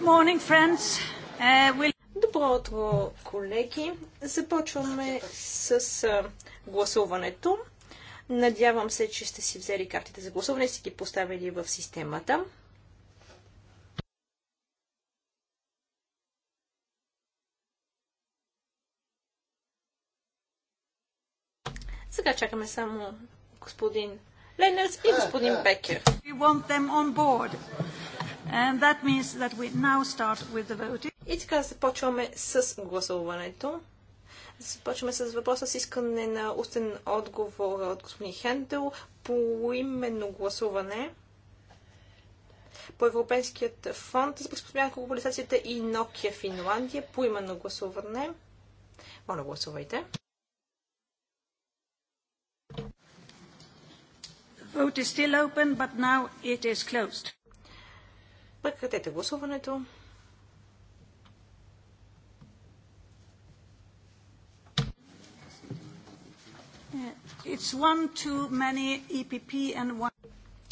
Good morning, friends. Uh, we'll... Добро утро, колеги. Започваме с гласуването. Надявам се, че сте си взели картите за гласуване и сте ги поставили в системата. Сега чакаме само господин Ленерс и господин Бекер. Е, е. We want them on board. And that means that we now start with the voting. И така започваме с гласуването. Започваме с въпроса с искане на устен отговор от господин Хендел по именно гласуване по Европейският фонд за приспособяване към глобализацията и Nokia Финландия по именно гласуване. Моля, гласувайте. Vote is still open, but now it is closed. Прекратете гласуването. It's one too many EPP and one...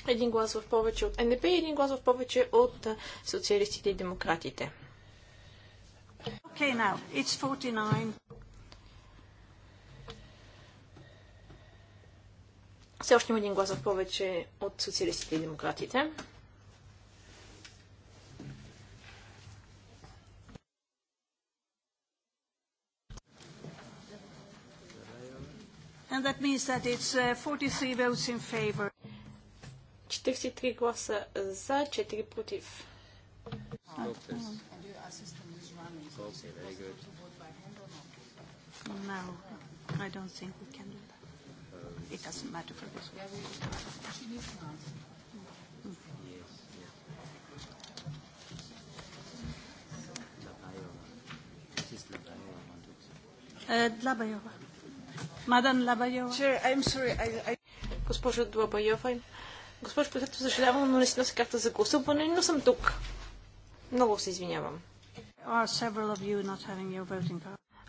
Един глас в повече от НДП и един глас в повече от социалистите и демократите. Okay, now. It's 49. Все още има един глас в повече от социалистите и демократите. And that means that it's 43 votes in favor. 43 гласа за, 4 против. No, I don't think we can do that. It doesn't matter for this. Mm. Uh, Dlabayova. Госпожа Длабайова. Госпожо председател, съжалявам, но не си нося карта за гласуване, но съм тук. Много се извинявам.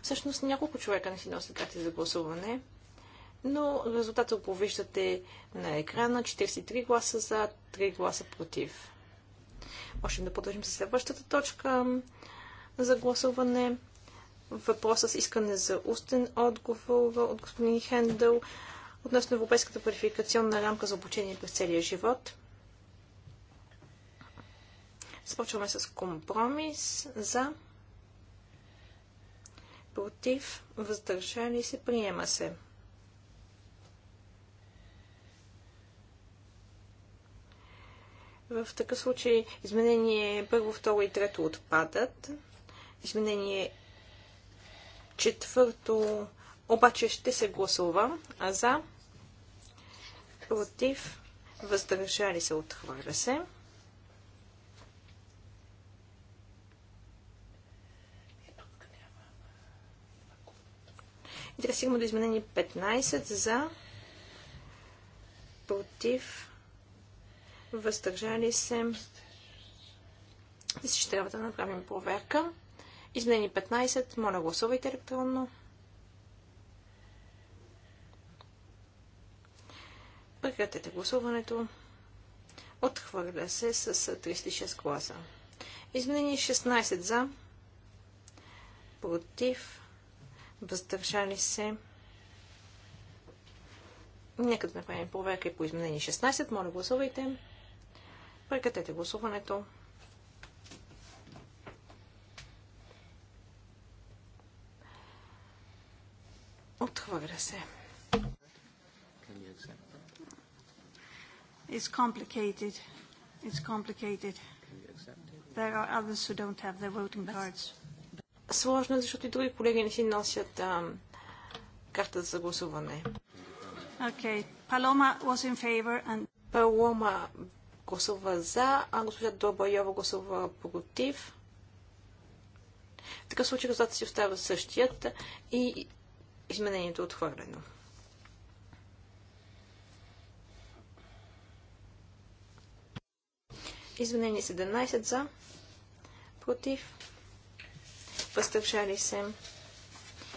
Всъщност няколко човека не си носят карти за гласуване, но резултата го виждате на екрана. 43 гласа за, 3 гласа против. Можем да продължим с следващата точка за гласуване въпроса с искане за устен отговор от господин Хендъл относно Европейската квалификационна рамка за обучение през целия живот. Започваме с компромис за против, въздържали се, приема се. В такъв случай изменение първо, второ и трето отпадат. Изменение Четвърто обаче ще се гласува а за, против, въздържали се, отхвърля се. И така стигаме до изменение 15 за, против, въздържали се. Мисля, ще трябва да направим проверка. Изменени 15. Моля, гласувайте електронно. Прекратете гласуването. Отхвърля се с 36 гласа. Изменени 16 за, против, въздържали се. Нека да направим проверка и по изменение 16. Моля, гласувайте. Прекратете гласуването. Отхвърля се. It's complicated. It's complicated. There are others who don't have their voting cards. Сложно е, защото и други колеги не си носят карта за гласуване. Okay. Paloma was in favor and... Paloma гласува за, а госпожа Добайова гласува против. В такъв случай резултатът си остава същият и Изменението е отхвърлено. Изменение 17 за. Против. Въздържали се.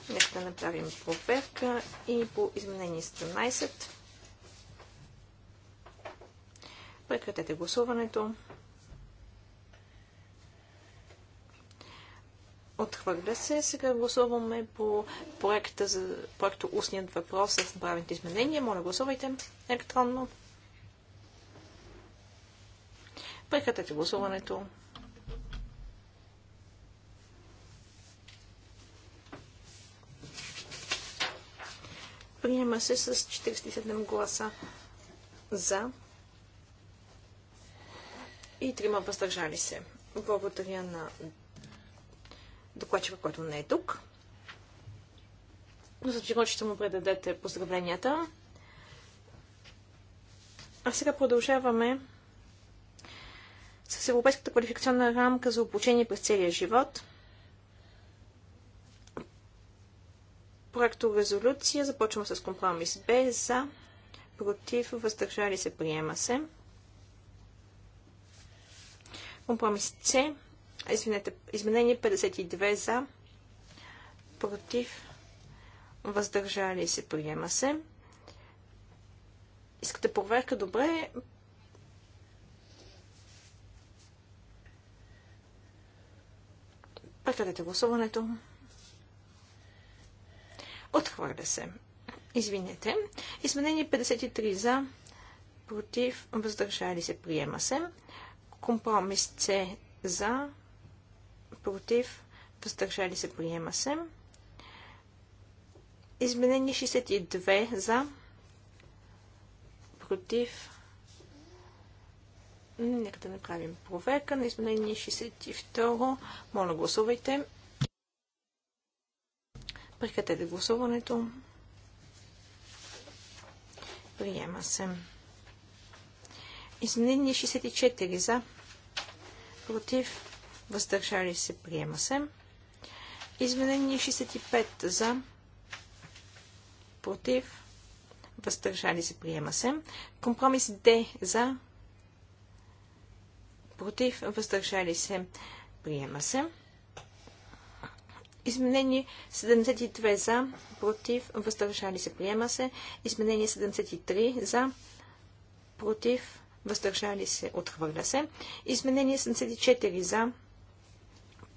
Нека да направим проверка и по изменение 17. Прекратете гласуването. Отхвърля се. Сега гласуваме по проекта за проекто Устният въпрос с направените изменения. Моля, гласувайте електронно. Прекратете гласуването. Приема се с 47 гласа за и трима въздържали се. Благодаря на докладчика, който не е тук. Но сигурно, че ще му предадете поздравленията. А сега продължаваме с Европейската квалификационна рамка за обучение през целия живот. Проекто резолюция. Започваме с компромис Б за против, въздържали се, приема се. Компромис С Извинете, изменение 52 за, против, въздържали се, приема се. Искате проверка? Добре. Прекратете гласуването. Отхвърля се. Извинете. Изменение 53 за, против, въздържали се, приема се. Компромис С за, против, въздържали се, приема се. Изменени 62 за, против, нека да направим проверка на изменение 62. Моля, гласувайте. Прекратете гласуването. Приема се. Изменение 64 за, против, въздържали се, приема се. Изменение 65 за, против, въздържали се, приема се. Компромис Д за, против, въздържали се, приема се. Изменение 72 за, против, въздържали се, приема се. Изменение 73 за, против, въздържали се, отхвърля се. Изменение 74 за,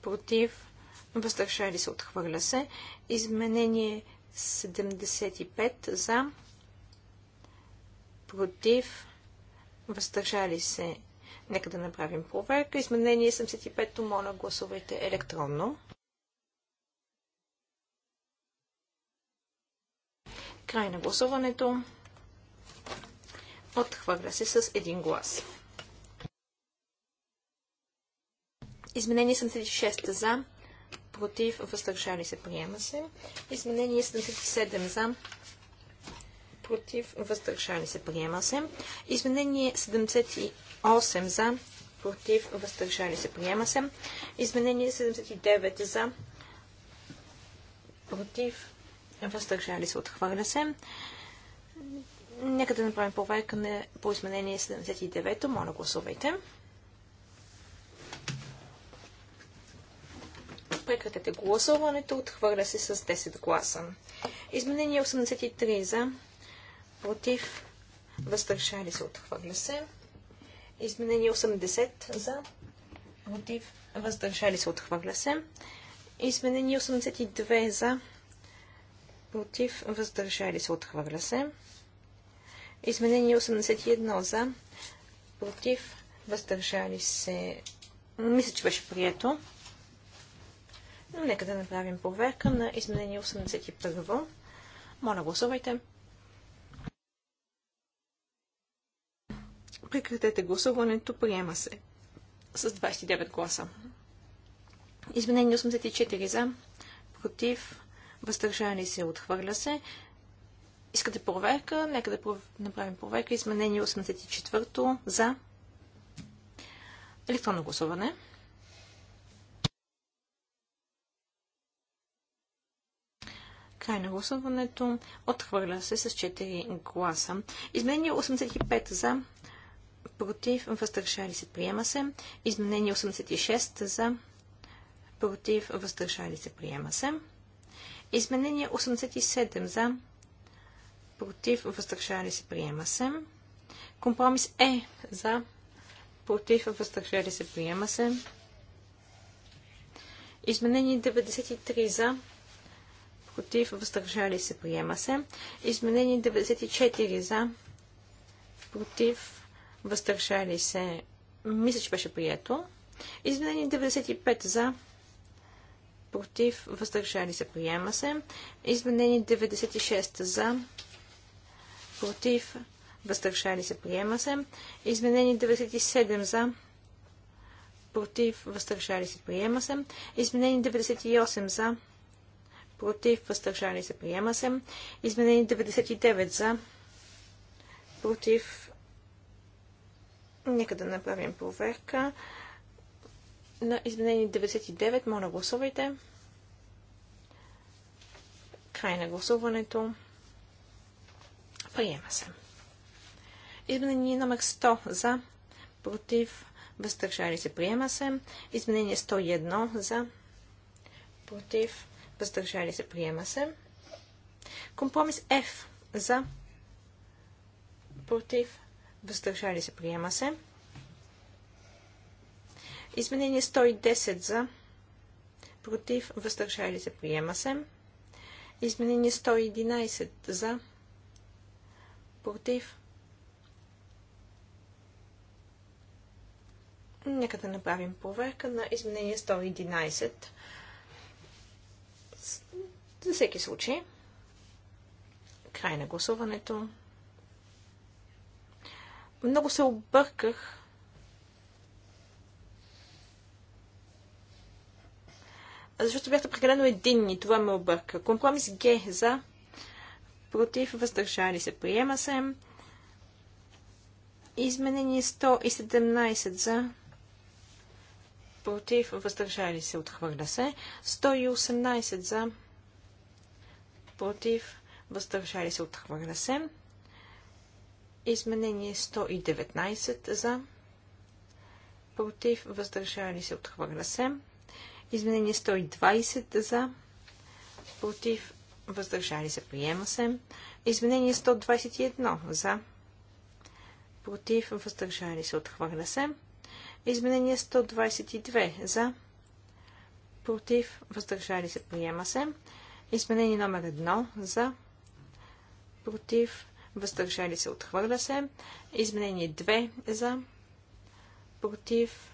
против, въздържали се, отхвърля се. Изменение 75 за, против, въздържали се. Нека да направим проверка. Изменение 75-то, моля, гласувайте електронно. Край на гласуването. Отхвърля се с един глас. Изменение 76 за, против, въздържали се, приема се. Изменение 77 за, против, въздържали се, приема се. Изменение 78 за, против, въздържали се, приема се. Изменение 79 за, против, въздържали се, отхвърля се. Нека да направим проверка по изменение 79. Моля, гласувайте. Прекратете гласуването. Отхвърля се с 10 гласа. Изменение 83 за. Против. Въздържали се. Отхвърля се. Изменение 80 за. Против. Въздържали се. Отхвърля се. Изменение 82 за. Против. Въздържали се. Отхвърля се. Изменение 81 за. Против. Въздържали се. Мисля, че беше прието. Но нека да направим проверка на изменение 81. Моля, гласувайте. Прекратете гласуването. Приема се. С 29 гласа. Изменение 84 за. Против. Въздържани се. Отхвърля се. Искате проверка? Нека да направим проверка. Изменение 84 за. Електронно гласуване. Край на гласуването. Отхвърля се с 4 гласа. Изменение 85 за. Против. Въздържали се. Приема се. Изменение 86 за. Против. Въздържали се. Приема се. Изменение 87 за. Против. Въздържали се. Приема се. Компромис Е за. Против. Въздържали се. Приема се. Изменение 93 за против, въздържали се, приема се. Изменени 94 за, против, въздържали се, мисля, че беше прието. Изменени 95 за, против, въздържали се, приема се. Изменени 96 за, против, въздържали се, приема се. Изменени 97 за, против, въздържали се, приема се. Изменени 98 за, против, въздържали се, приема се. Изменени 99 за, против. Нека да направим проверка. На изменени 99, моля гласувайте. Край на гласуването. Приема се. Изменение номер 100 за, против, въздържали се, приема се. Изменение 101 за, против, въздържали се, приема се. Компромис F за, против, въздържали се, приема се. Изменение 110 за, против, въздържали се, приема се. Изменение 111 за, против. Нека да направим проверка на изменение 111. За всеки случай. Край на гласуването. Много се обърках. Защото бяхте прекалено единни. Това ме обърка. Компромис Г за. Против. Въздържали се. Приема се. Изменение 117 за против, въздържали се, отхвърля се. 118 за, против, въздържали се, отхвърля се. Изменение 119 за, против, въздържали се, отхвърля се. Изменение 120 за, против, въздържали се, приема се. Изменение 121 за, против, въздържали се, отхвърля се. Изменение 122 за, против, въздържали се, приема се. Изменение номер 1 за, против, въздържали се, отхвърля се. Изменение 2 за, против,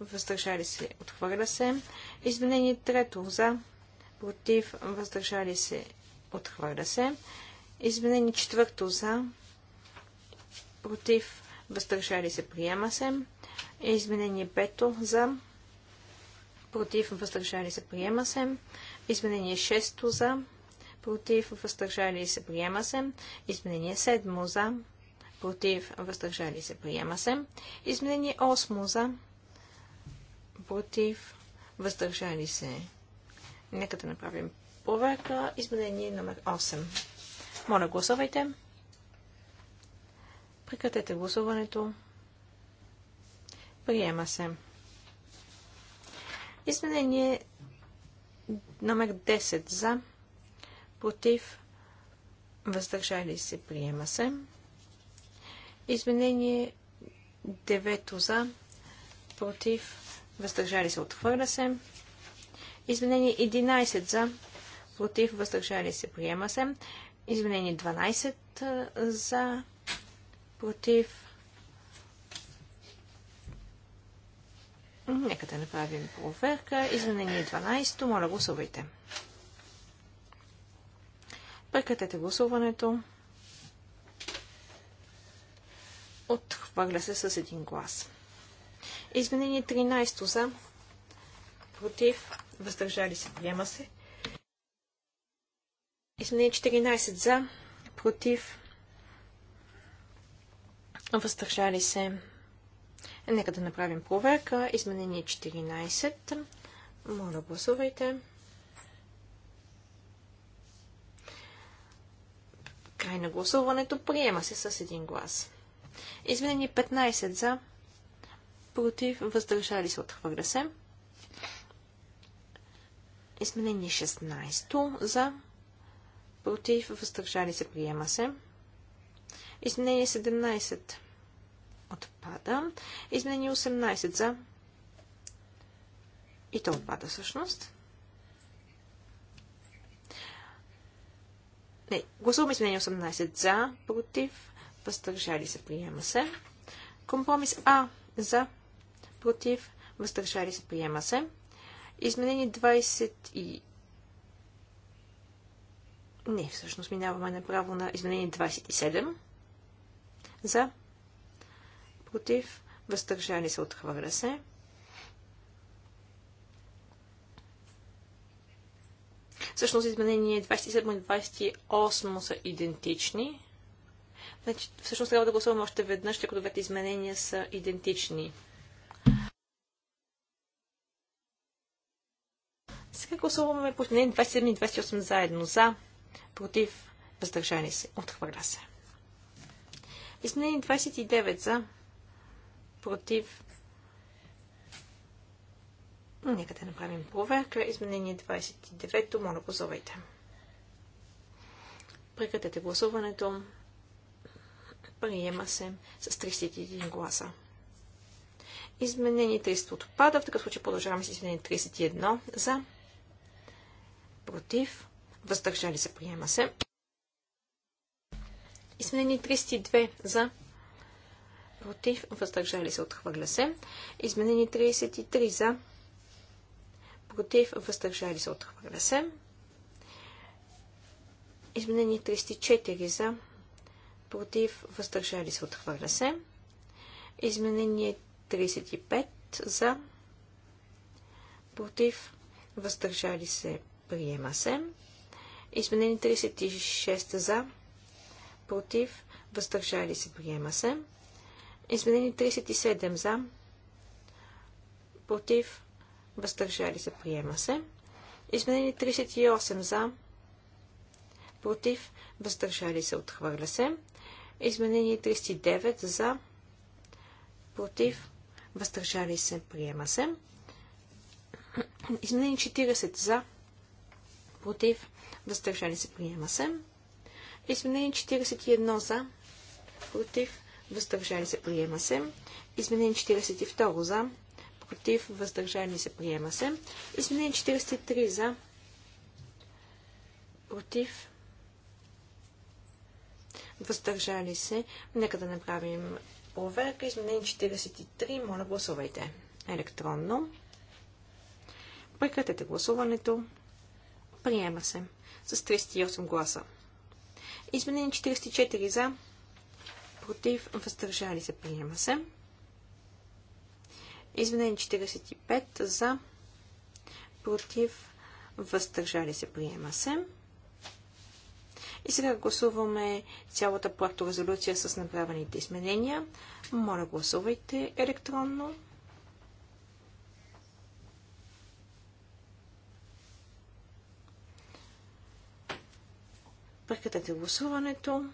въздържали се, отхвърля се. Изменение 3 за, против, въздържали се, отхвърля се. Изменение 4 за, против, въздържали се, приема се. Изменение 5 за. Против. Въздържали се. Приема се. Изменение 6 за. Против. Въздържали се. Приема се. Изменение 7 за. Против. Въздържали се. Приема се. Изменение 8 за. Против. Въздържали се. Нека да направим проверка. Изменение номер 8. Моля, гласувайте. Прекратете гласуването. Приема се. Изменение номер 10 за, против, въздържали се, приема се. Изменение 9 за, против, въздържали се, отхвърля се. Изменение 11 за, против, въздържали се, приема се. Изменение 12 за, против, Нека да направим проверка. Изменение 12. Моля, гласувайте. Прекратете гласуването. Отхвърля се с един глас. Изменение 13 за. Против. Въздържали се. Приема се. Изменение 14 за. Против. Въздържали се. Нека да направим проверка. Изменение 14. Моля, гласувайте. Край на гласуването. Приема се с един глас. Изменение 15 за. Против. Въздържали се. Отхвърля се. Изменение 16 за. Против. Въздържали се. Приема се. Изменение 17 Отпада. Изменение 18 за. И то отпада всъщност. Не, гласуваме изменение 18 за, против, въздържали се, приема се. Компромис А за, против, въздържали се, приема се. Изменение 20 и... Не, всъщност минаваме направо на изменение 27 за, против, въздържали се, отхвърля се. Всъщност изменение 27 и 28 са идентични. Значи, всъщност трябва да гласуваме още веднъж, тъй като двете изменения са идентични. Сега гласуваме по изменение 27 и 28 заедно. За, против, въздържани се, отхвърля се. Изменение 29 за, против. Нека да направим проверка. Изменение 29-то. Моля, гласувайте. Прекратете гласуването. Приема се с 31 гласа. Изменение 30 отпада. В такъв случай продължаваме с изменение 31 за против. Въздържали се. Приема се. Изменение 32 за против, въздържали се, отхвърля се. Изменени 33 за, против, въздържали се, отхвърля се. Изменени 34 за, против, въздържали се, отхвърля се. Изменение 35 за, против, въздържали се, приема се. Изменени 36 за, против, въздържали се, приема се. Изменени 37 за, против, въздържали се, приема се. Изменени 38 за, против, въздържали се, отхвърля се. изменени 39 за, против, въздържали се, приема се. Изменени 40 за, против, въздържали се, приема се. Изменени 41 за, против, въздържали се, приема се. Изменение 42 за, против, въздържали се, приема се. Изменение 43 за, против, въздържали се. Нека да направим проверка. Изменение 43. Моля, гласувайте електронно. Прекратете гласуването. Приема се с 38 гласа. Изменение 44 за, против, въздържали се, приема се. Извинение 45 за, против, въздържали се, приема се. И сега гласуваме цялата резолюция с направените изменения. Моля, гласувайте електронно. Прекратете гласуването.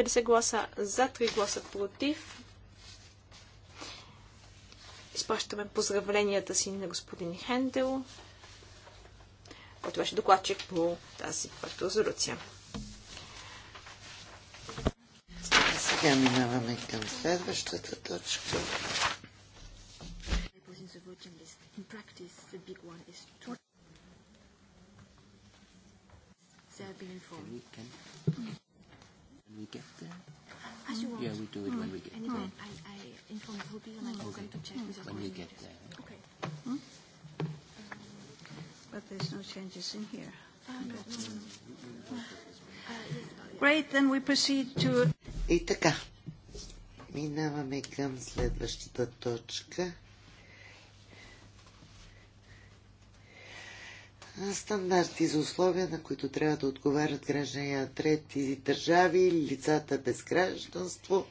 50 гласа за, 3 гласа против. Изпращаме поздравленията си на господин Хендел, който беше докладчик по тази проекта резолюция. Сега минаваме към следващата точка. practice, the big one is they have been informed we get there? As you want. Yeah, we do it mm. when we get anyway, there. I, I inform the whole and I'm okay. going to check mm. with When we get there. Okay. Hmm? But there's no changes in here. Great, then we proceed to... И така, минаваме към следващата точка. стандарти за условия, на които трябва да отговарят граждани на трети държави, лицата без гражданство,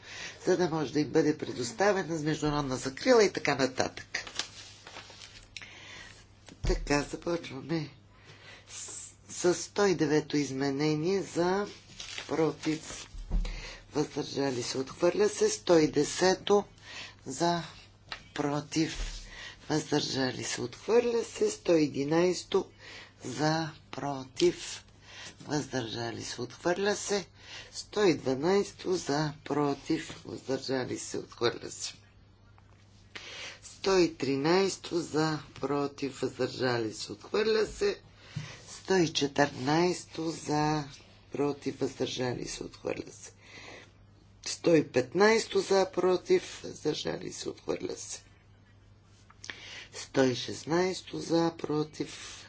за да може да им бъде предоставена с международна закрила и така нататък. Така, започваме с 109-то изменение за против. Въздържали се, отхвърля се. 110-то за против въздържали се, отхвърля се. 111 за, против, въздържали се, отхвърля се. 112 за, против, въздържали се, отхвърля се. 113 за, против, въздържали се, отхвърля се. 114 за, против, въздържали се, отхвърля се. 115 за, против, въздържали се, отхвърля се. 116 за, против,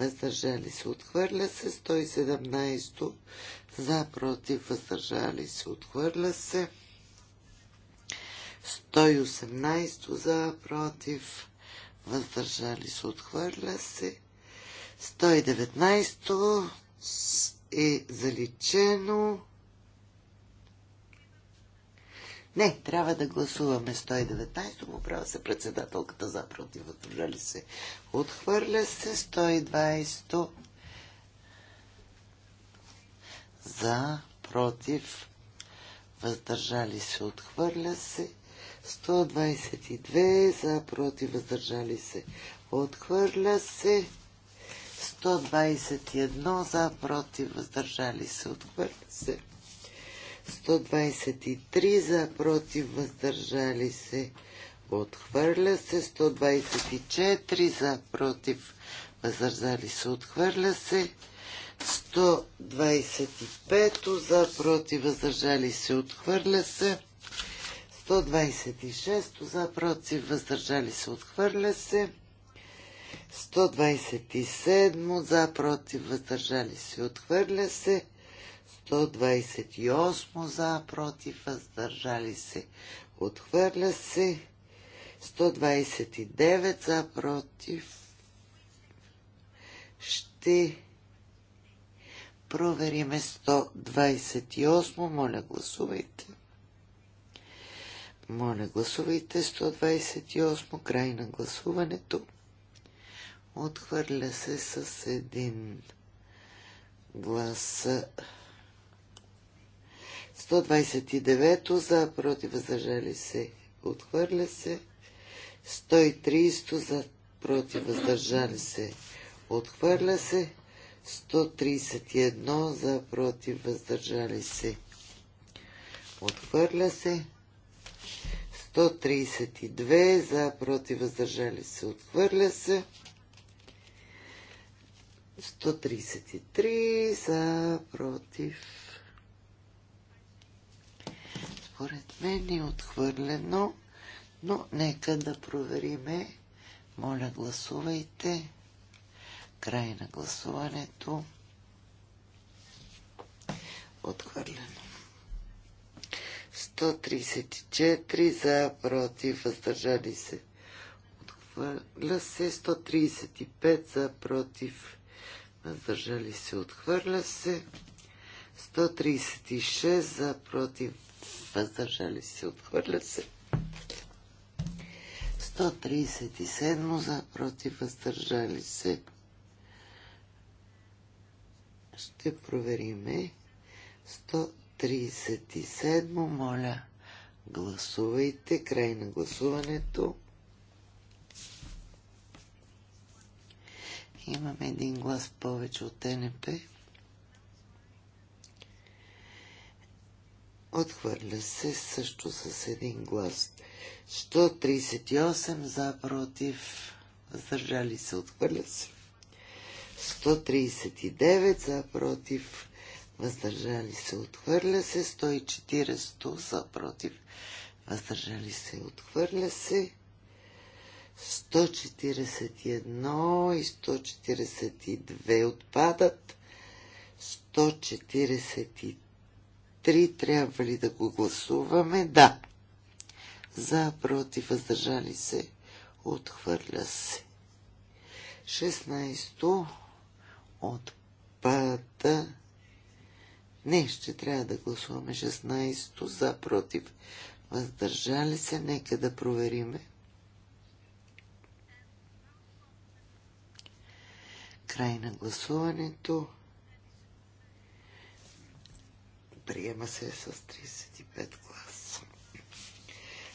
въздържали се, отхвърля се. 117 за, против, въздържали се, отхвърля се. 118 за, против, въздържали се, отхвърля се. 119 е заличено. Не, трябва да гласуваме 119. Поправя се председателката за против. Въздържали се. Отхвърля се 120. За против. Въздържали се. Отхвърля се. 122 за против въздържали се. Отхвърля се. 121 за против въздържали се. Отхвърля се. 123 за против въздържали се отхвърля се 124 за против въздържали се отхвърля се 125 за против въздържали се отхвърля се 126 за против въздържали се отхвърля се 127 за против въздържали се отхвърля се 128 за, против, въздържали се. Отхвърля се. 129 за, против. Ще провериме 128. Моля, гласувайте. Моля, гласувайте 128. Край на гласуването. Отхвърля се с един глас. 129 за, против, въздържали се, отхвърля се. 130 за, против, въздържали се, отхвърля се. 131 за, против, въздържали се, отхвърля се. 132 за, против, въздържали се, отхвърля се. 133 за, против, според мен е отхвърлено, но нека да провериме. Моля, гласувайте. Край на гласуването. Отхвърлено. 134 за, против, въздържали се. Отхвърля се. 135 за, против, въздържали се. Отхвърля се. 136 за, против, въздържали се, отхвърля се. 137 за, против, въздържали се. Ще провериме. 137, моля, гласувайте. Край на гласуването. Имаме един глас повече от НП. Отхвърля се също с един глас. 138 за против. Въздържали се. Отхвърля се. 139 за против. Въздържали се. Отхвърля се. 140 за против. Въздържали се. Отхвърля се. 141 и 142 отпадат. 143 3 трябва ли да го гласуваме? Да. За, против, въздържали се, отхвърля се. 16 отпада. Не, ще трябва да гласуваме 16 за, против, въздържали се. Нека да провериме. Край на гласуването. приема се с 35 гласа.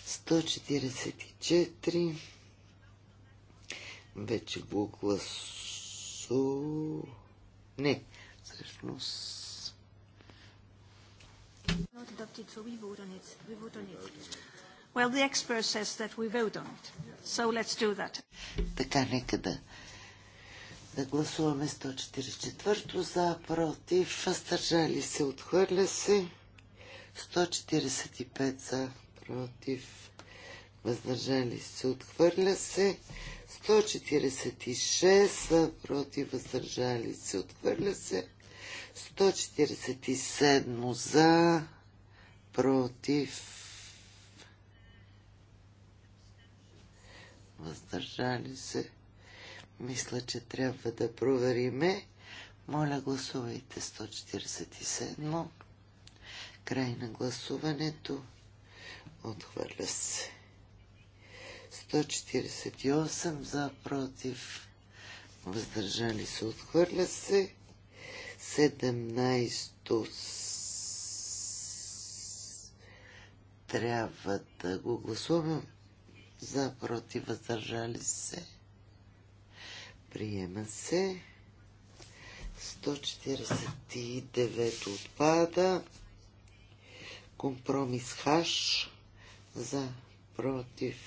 144. Вече го гласу... Не, всъщност... Така, нека да... Да гласуваме 144 за, против, въздържали се, отхвърля се. 145 за, против, въздържали се, отхвърля се. 146 за, против, въздържали се, отхвърля се. 147 за, против, въздържали се. Мисля, че трябва да провериме. Моля, гласувайте 147. Край на гласуването. Отхвърля се. 148 за против. Въздържали се. Отхвърля се. 17 трябва да го гласуваме за против въздържали се. Приема се. 149 отпада. Компромис хаш за против.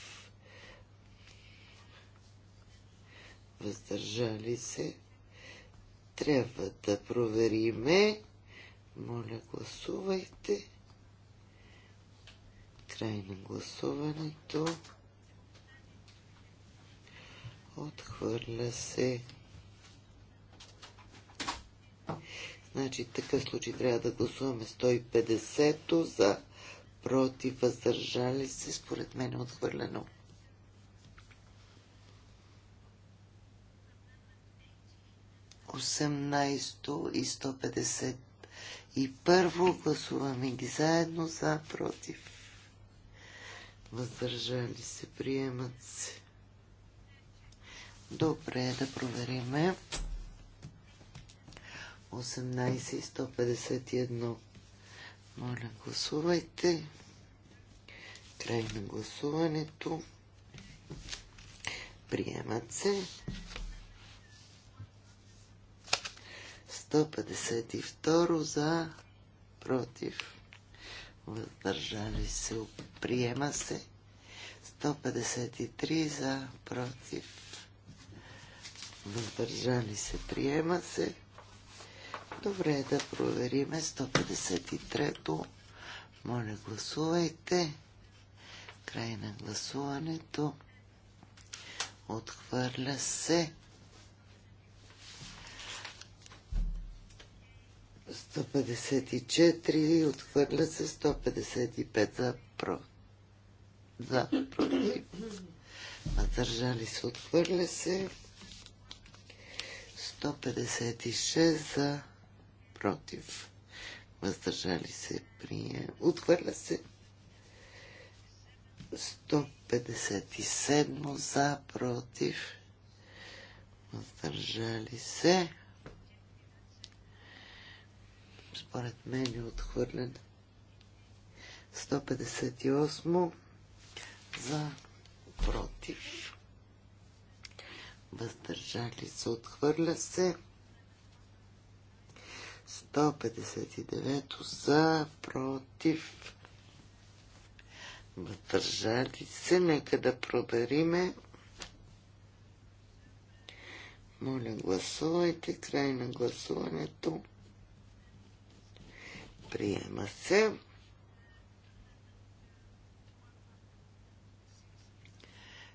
Въздържали се. Трябва да провериме. Моля, гласувайте. Край на гласуването. Отхвърля се. Значи в такъв случай трябва да гласуваме 150-то за против, въздържали се. Според мен е отхвърлено. Осемнайсто и 150 и първо гласуваме ги заедно за против. Въздържали се, приемат се. Добре, да провериме. 151. Моля, гласувайте. Край на гласуването. Приемат се. 152 за против. Въздържали се. Приема се. 153 за против въздържали се, приема се. Добре, е да провериме 153-то. Моля, гласувайте. Край на гласуването. Отхвърля се. 154, отхвърля се 155 за про. За против. Въздържали се, отхвърля се. 156 за против. Въздържали се прие. Отхвърля се. 157 за против. Въздържали се. Според мен е отхвърлен. 158 за против въздържали се, отхвърля се. 159 за, против, въздържали се. Нека да провериме. Моля, гласувайте. Край на гласуването. Приема се.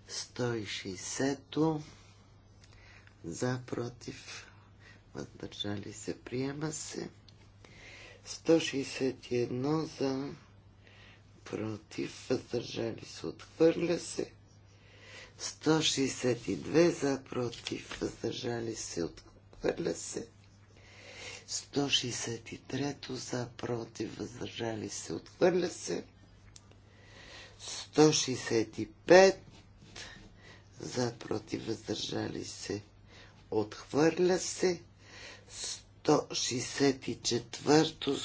Сто и за, против, въздържали се, приема се. 161 за, против, въздържали се, отхвърля се. 162 за, против, въздържали се, отхвърля се. 163 за, против, въздържали се, отхвърля се. 165 за, против, въздържали се, Отхвърля се. 164-то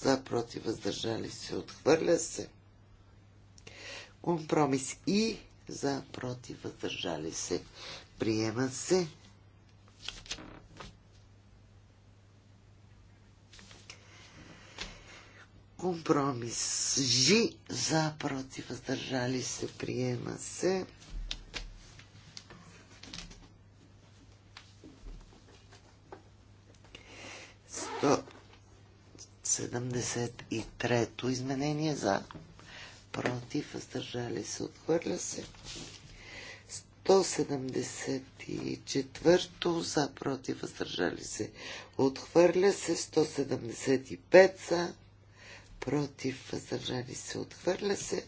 за против въздържали се. Отхвърля се. Компромис и за против въздържали се. Приема се. Компромис Жи за против въздържали се. Приема се. 73 то изменение за против, въздържали се, отхвърля се. 174 за против, въздържали се, отхвърля се. 175 за против, въздържали се, отхвърля се.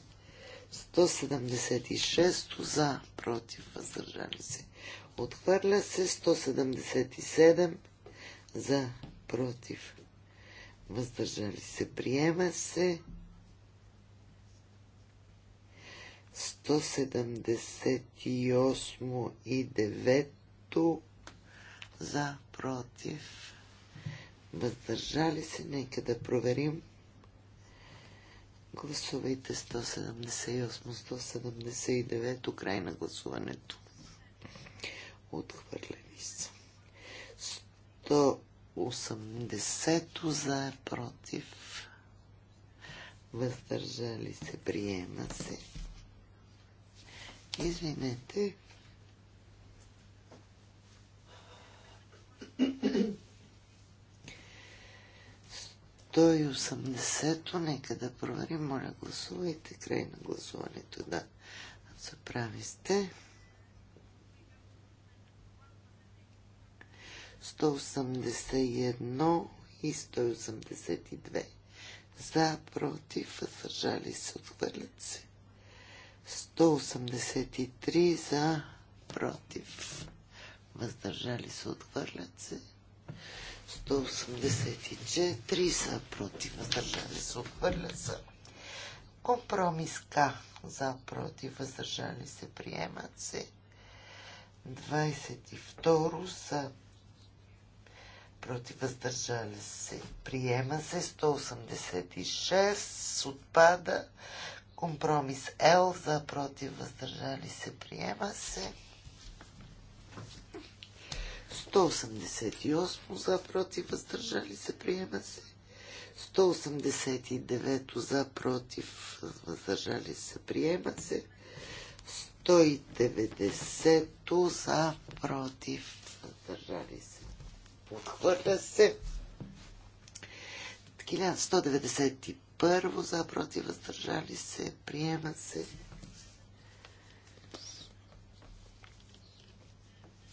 176 за против, въздържали се, отхвърля се. 177 за против, въздържали се, приема се. 178 и 9 за против. Въздържали се, нека да проверим. Гласувайте 178-179, край на гласуването. Отхвърлени са. 100 80 за за против. Въздържали се, приема се. Извинете. Той 80-то, нека да проверим. Моля, гласувайте край на гласуването. Да, заправи сте. 181 и 182. За, против, въздържали се, отхвърлят се. 183 за, против, въздържали се, отхвърлят се. 184 за, против, въздържали се, отхвърлят се. Компромис К за, против, въздържали се, приемат се. 22 са против въздържали се. Приема се 186, отпада. Компромис Л за против въздържали се. Приема се. 188 за против въздържали се. Приема се. 189 за против въздържали се. Приема се. 190 за против въздържали се. Отхвърля се. 1191 за проти въздържали се. Приема се.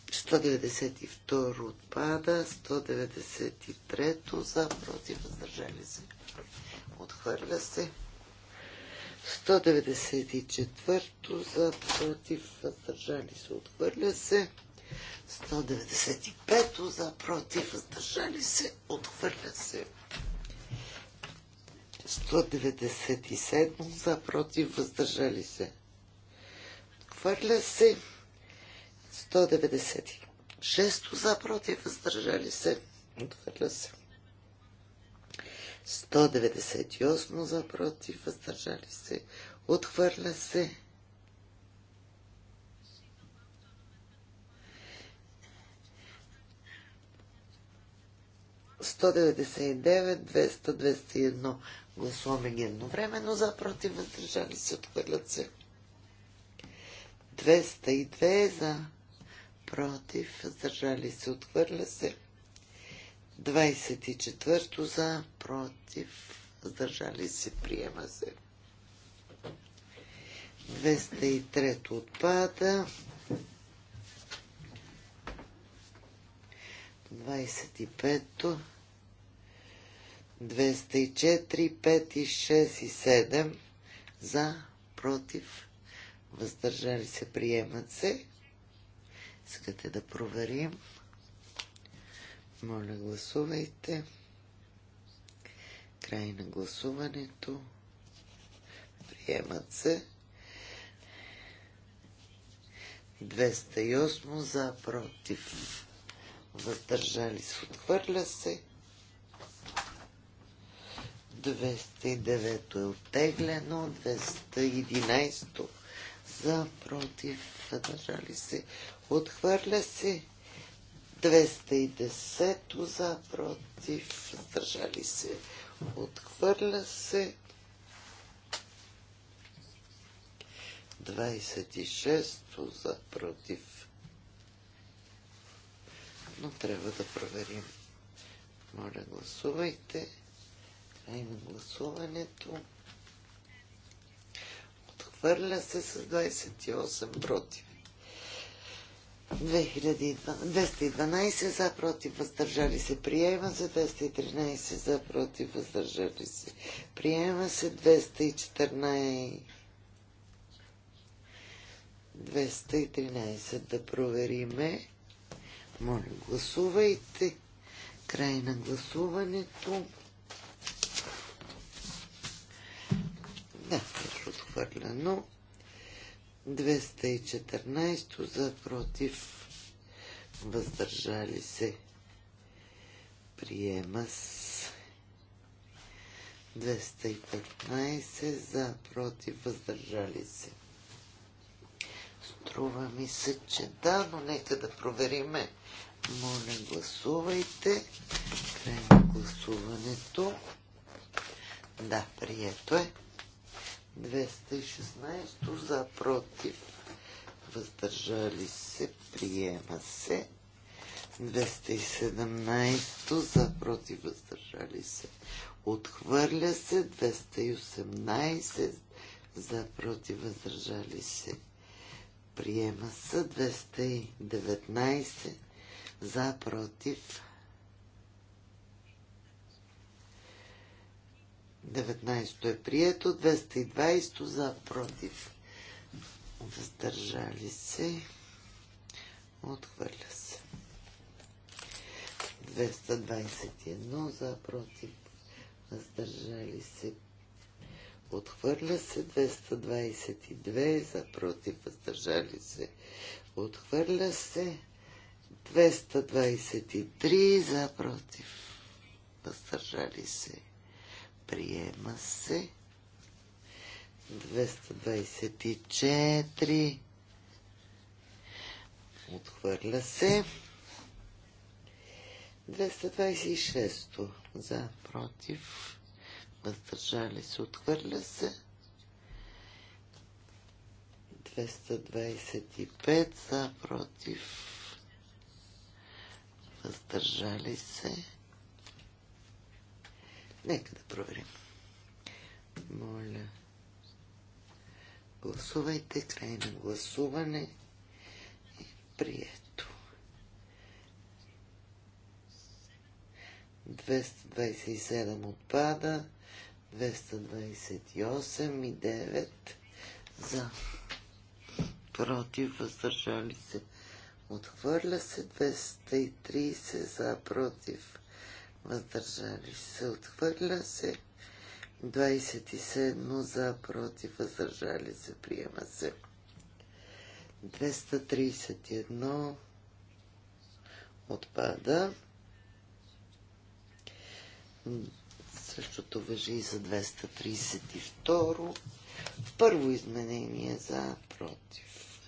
192 отпада, 193 за проти въздържали се. Отхвърля се. 194 за против въздържали се. Отхвърля се. 195 за против, въздържали се, отхвърля се. 197 за против, въздържали се. Отхвърля се. 196 за против, въздържали се. Отхвърля се. 198 за против, въздържали се. Отхвърля се. 199, 200, 201 гласуваме ги едновременно за, против, въздържали се, отхвърлят се. 202 за, против, въздържали се, отхвърля се. 24 за, против, въздържали се, приема се. 203 отпада. 25-то, 204, 5 и 6 и 7 за, против, въздържали се, приемат се. Искате да проверим. Моля, гласувайте. Край на гласуването. Приемат се. 208 за, против въздържали се, отхвърля се. 209 е оттеглено, 211 за, против, въздържали се, отхвърля се. 210 за, против, въздържали се, отхвърля се. 26 за, против, но трябва да проверим. Моля, гласувайте. Край гласуването. Отхвърля се с 28 против. 212 за против въздържали се приема се, 213 за против въздържали се приема се, 214 213 да провериме. Моля, гласувайте. Край на гласуването. Да, беше отхвърлено. 214 за против. Въздържали се. Приема с 215 за против. Въздържали се. Струва ми се, че да, но нека да провериме. Моля, гласувайте. Край на гласуването. Да, прието е. 216 за против. Въздържали се. Приема се. 217 за против. Въздържали се. Отхвърля се. 218 за против. Въздържали се. Приема се 219 за против 19 е прието, 220 за против. Въздържали се. Отхвърля се. 221 за против. Въздържали се. Отхвърля се 222 за против въздържали се. Отхвърля се 223 за против въздържали се. Приема се 224. Отхвърля се. 226 за против въздържали се, отхвърля се. 225 за, против, въздържали се. Нека да проверим. Моля. Гласувайте край на гласуване и прието. 227 отпада. 228 и 9 за против, въздържали се. Отхвърля се 230 за против, въздържали се. Отхвърля се 27 за против, въздържали се. Приема се. 231 отпада. Същото въжи и за 232. Първо изменение за против.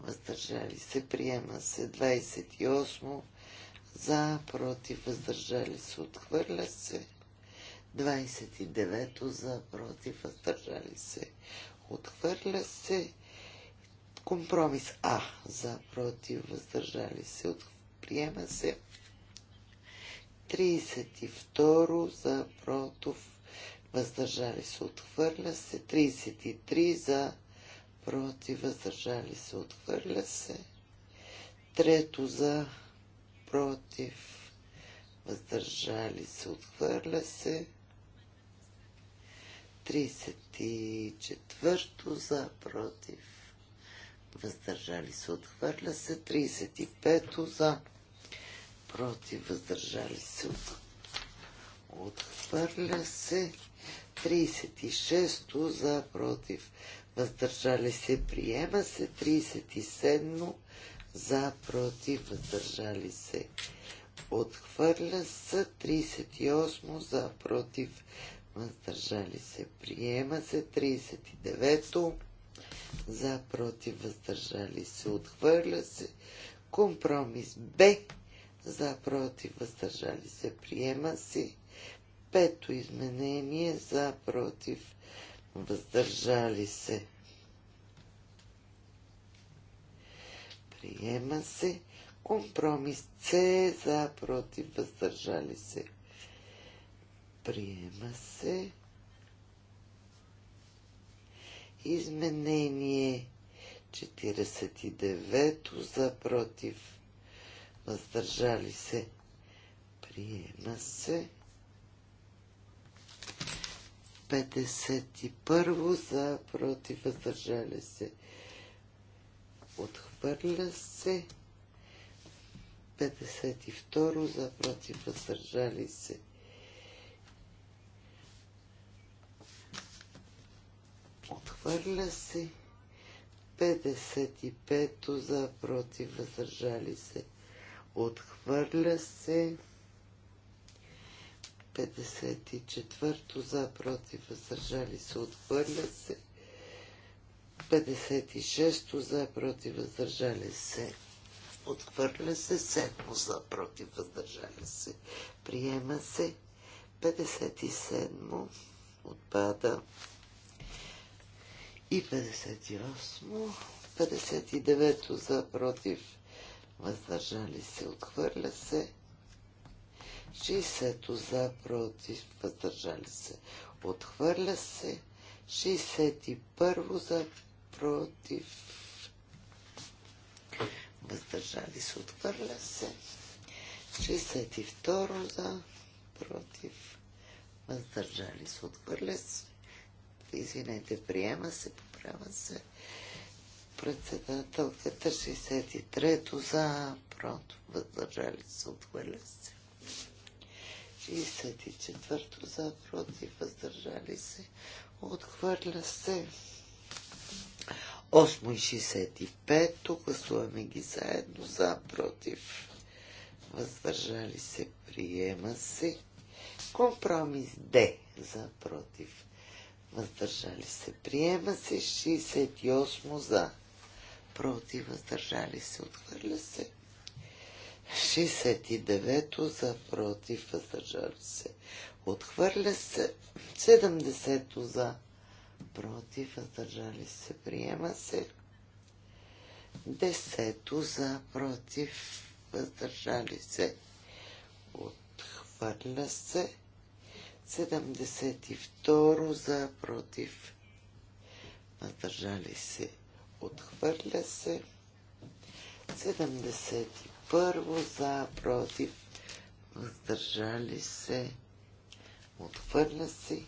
Въздържали се. Приема се 28. За против. Въздържали се. Отхвърля се. 29. За против. Въздържали се. Отхвърля се. Компромис А. За против. Въздържали се. Приема се. 32 за против, въздържали се, отхвърля се. 33 за против, въздържали се, отхвърля се. Трето за против, въздържали се, отхвърля се. 34 за против, въздържали се, отхвърля се. 35 за против против, въздържали се, отхвърля се. 36-то за, против, въздържали се, приема се. 37-но за, против, въздържали се, отхвърля се. 38-но за, против, въздържали се, приема се. 39-то за, против, въздържали се, отхвърля се. Компромис Б за против въздържали се приема се. Пето изменение за против въздържали се. Приема се. Компромис С за против въздържали се. Приема се. Изменение 49 за против въздържали се, приема се. 51 за против въздържали се. Отхвърля се. 52 за против въздържали се. Отхвърля се. 55 за против въздържали се. Отхвърля се. 54 за, против, въздържали се. Отхвърля се. 56 за, против, въздържали се. Отхвърля се. 7 за, против, въздържали се. Приема се. 57 отпада. И 58 59 то за, против, въздържали се, отхвърля се. 60 за, против, въздържали се, отхвърля се. 61 за, против, въздържали се, отхвърля се. 62 за, против, въздържали се, отхвърля се. Извинете, приема се, поправя се председателката 63-то за, против, въздържали се, отхвърля се. 64-то за, против, въздържали се, отхвърля се. 8 и 65-то, гласуваме ги заедно за, против, въздържали се, приема се. Компромис Д за, против, въздържали се, приема се. 68 за, против, въздържали се, отхвърля се. 69-то за против, въздържали се, отхвърля се. 70-то за против, въздържали се, приема се. 10-то за против, въздържали се, отхвърля се. 72 за против, въздържали се, Отхвърля се. 71 за, против, въздържали се. Отхвърля се.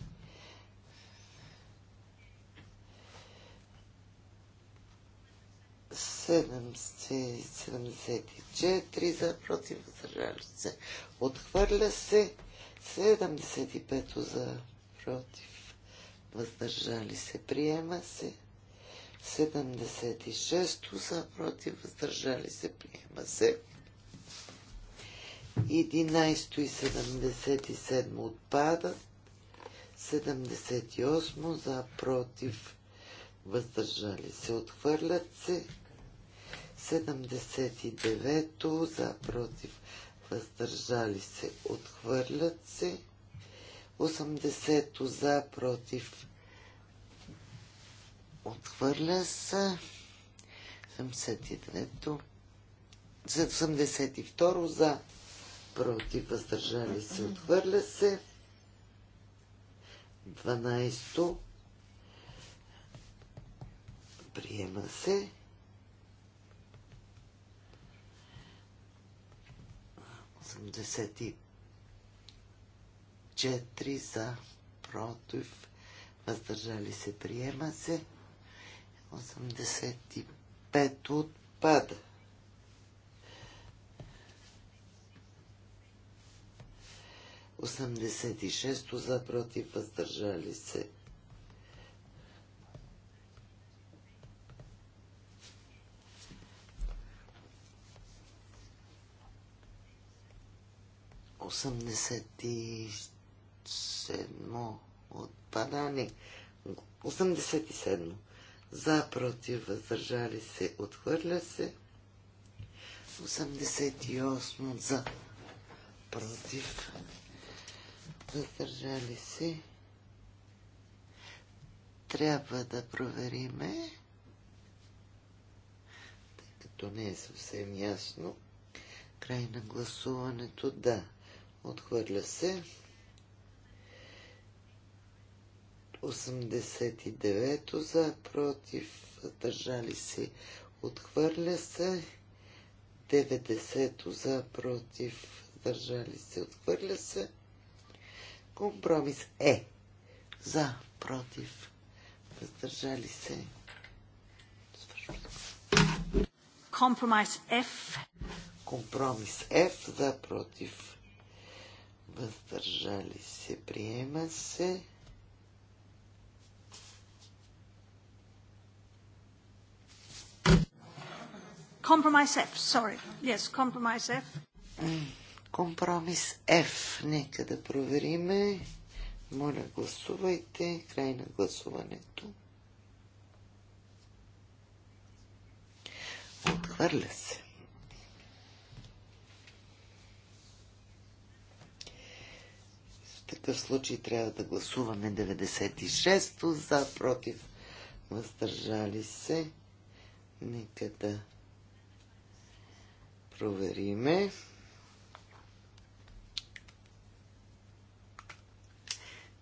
Седемдесет и за против въздържали се. Отхвърля се. 75 за против въздържали се. Приема се. 76 за против, въздържали се, приема се. 11 и 77 отпадат. 78 за против, въздържали се, отхвърлят се. 79 за против, въздържали се, отхвърлят се. 80 за против, Отхвърля се. 79-то. 82-ро за. Против. Въздържали се. Отхвърля се. 12-то. Приема се. Осемдесет четири за против въздържали се, приема се. 85 отпада. Осемдесет и шесто за против въздържали се. Осемдесет и седмо отпадане. Осемдесет и седмо за, против, въздържали се, отхвърля се. 88 за, против, въздържали се. Трябва да провериме, тъй като не е съвсем ясно. Край на гласуването, да, отхвърля се. 89 за, против, държали се, отхвърля се. 90 за, против, държали се, отхвърля се. Компромис е за, против, въздържали се. Компромис F. Компромис F за, против, въздържали се, приема се. Compromise F, sorry. Yes, compromise F. Компромис F. Нека да провериме. Моля, гласувайте. Край на гласуването. Отхвърля се. В такъв случай трябва да гласуваме 96-то за, против, въздържали се. Нека да провериме.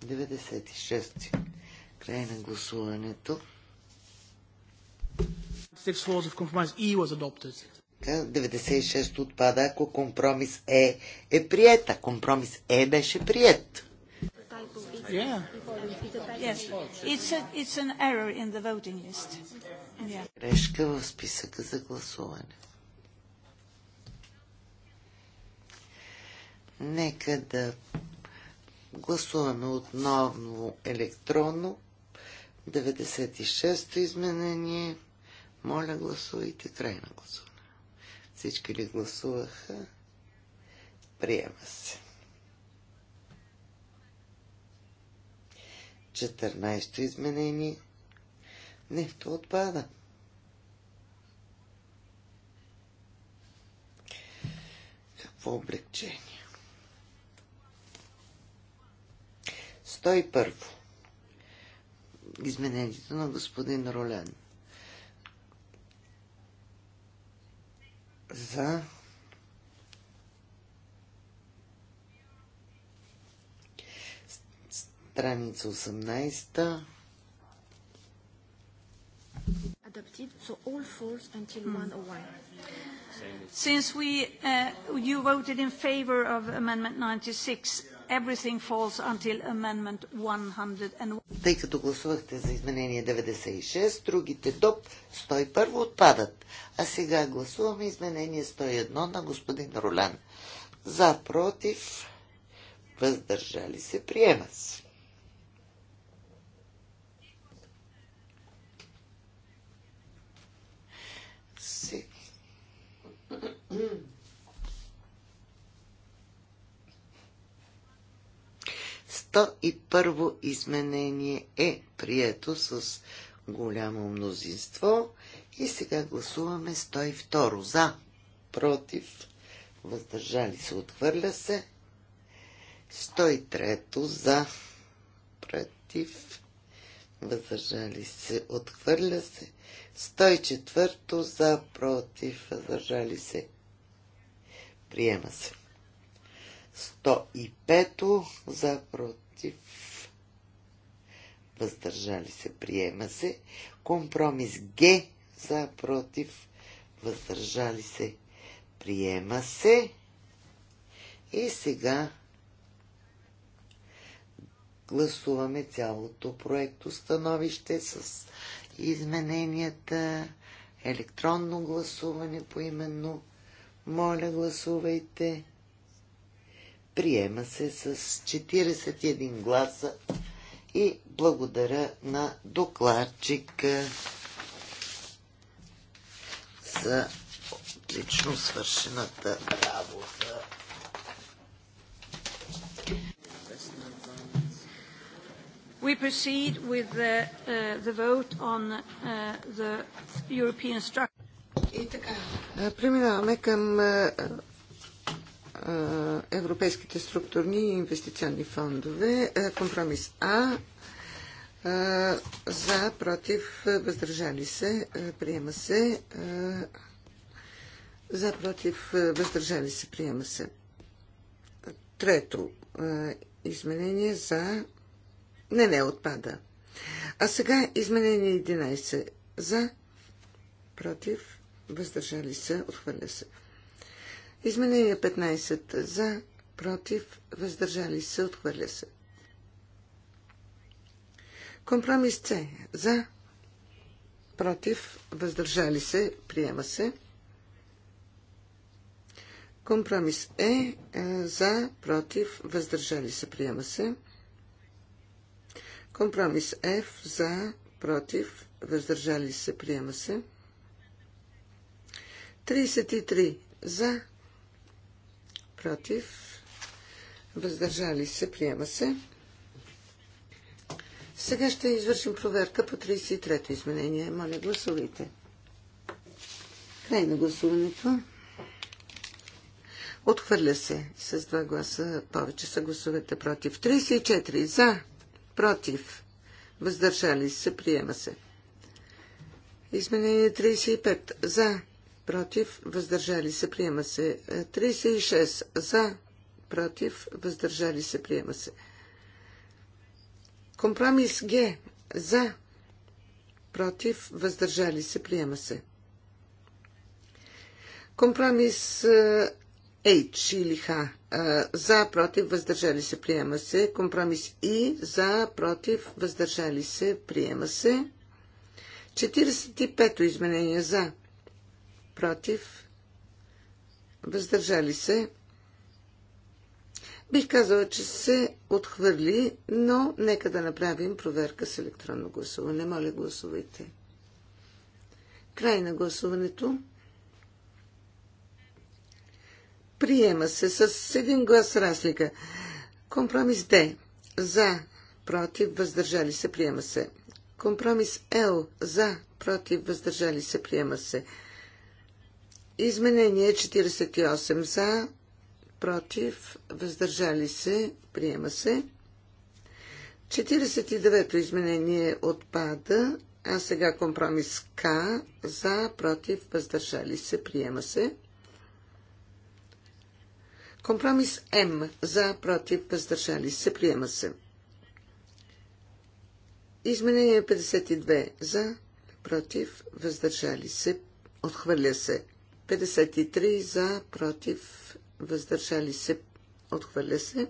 Деветдесет Край на гласуването. 96 e отпада, ако компромис Е е прият. А Компромис Е беше прият. Грешка в списъка за гласуване. Нека да гласуваме отново електронно. 96-то изменение. Моля, гласувайте край на гласуване. Всички ли гласуваха? Приема се. 14-то изменение. Нехто отпада. Какво облегчение? 101. Изменението на господин Ролян. За страница 18. Adopted, so all falls until 101. Since we, uh, you voted in favor of Amendment 96, everything falls until amendment 101. Тъй като гласувахте за изменение 96, другите до 101 отпадат. А сега гласуваме изменение 101 на господин Ролян. За, против, въздържали се, приема се. Mm-hmm. 101 изменение е прието с голямо мнозинство. И сега гласуваме 102 за, против, въздържали се, отхвърля се. 103 за, против, въздържали се, отхвърля се. 104 за, против, въздържали се, приема се. 105 за против. Въздържали се, приема се. Компромис Г за против. Въздържали се, приема се. И сега гласуваме цялото проекто становище с измененията, електронно гласуване по именно. Моля, гласувайте. Приема се с 41 гласа и благодаря на докладчика за отлично свършената работа. We proceed with the, uh, the vote on uh, the European structure. И така. Преминаваме към е, европейските структурни и инвестиционни фондове. Е, компромис А. Е, за, против, въздържали се. Приема се. За, против, въздържали се. Приема се. Трето изменение за. Не, не, отпада. А сега изменение 11. За, против, въздържали се, отхвърля се. Изменение 15 за, против, въздържали се, отхвърля се. Компромис С за, против, въздържали се, приема се. Компромис Е, е за, против, въздържали се, приема се. Компромис Ф за, против, въздържали се, приема се. 33 за, против, въздържали се, приема се. Сега ще извършим проверка по 33-то изменение. Моля, гласувайте. Край на гласуването. Отхвърля се с два гласа. Повече са гласовете против. 34 за, против, въздържали се, приема се. Изменение 35 за, против, въздържали се, приема се. 36 за, против, въздържали се, приема се. Компромис Г за, против, въздържали се, приема се. Компромис H или Х за, против, въздържали се, приема се. Компромис И за, против, въздържали се, приема се. 45-то изменение за, против, въздържали се. Бих казала, че се отхвърли, но нека да направим проверка с електронно гласуване. Моля, гласувайте. Край на гласуването. Приема се с един глас разлика. Компромис Д. За, против, въздържали се, приема се. Компромис Л. За, против, въздържали се, приема се. Изменение 48 за, против, въздържали се, приема се. 49-то изменение отпада, а сега компромис К за, против, въздържали се, приема се. Компромис М за, против, въздържали се, приема се. Изменение 52 за, против, въздържали се, отхвърля се. 53 за, против, въздържали се, отхвърля се.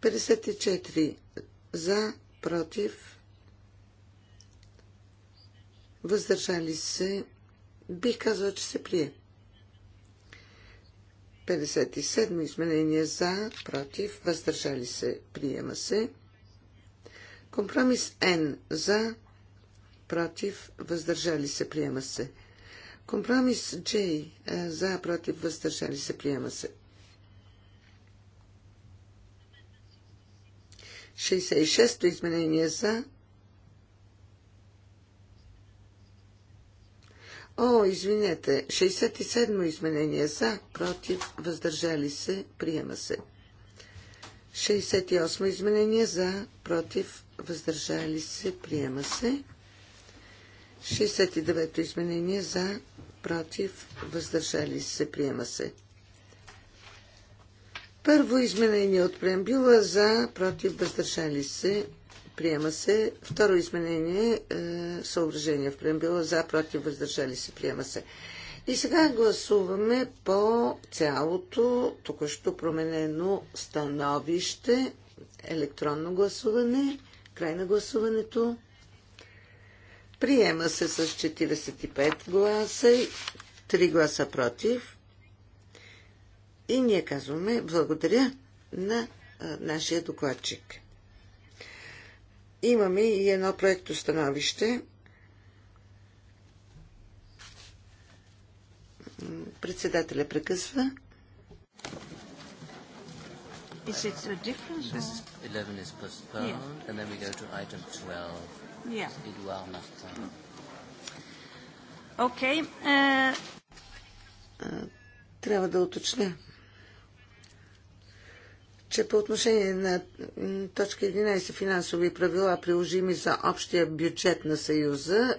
54 за, против, въздържали се, бих казал, че се прие. 57 изменение за, против, въздържали се, приема се. Компромис Н за, против, въздържали се, приема се. Компромис J. Е, за, против, въздържали се, приема се. 66-то изменение за. О, извинете, 67-то изменение за, против, въздържали се, приема се. 68-то изменение за, против, въздържали се, приема се. 69-то изменение за, против, въздържали се, приема се. Първо изменение от преамбюла за, против, въздържали се, приема се. Второ изменение, е, съображение в преамбюла за, против, въздържали се, приема се. И сега гласуваме по цялото току-що променено становище, електронно гласуване, край на гласуването. Приема се с 45 гласа и 3 гласа против. И ние казваме благодаря на а, нашия докладчик. Имаме и едно проекто становище. Председателя прекъсва. Is it a difference? This 11 is postponed, yeah. and then we go to item 12. Yeah. Edouard Martin. Okay. Eh, трябва да уточня, че по отношение на точка 11 финансови правила, приложими за общия бюджет на Съюза,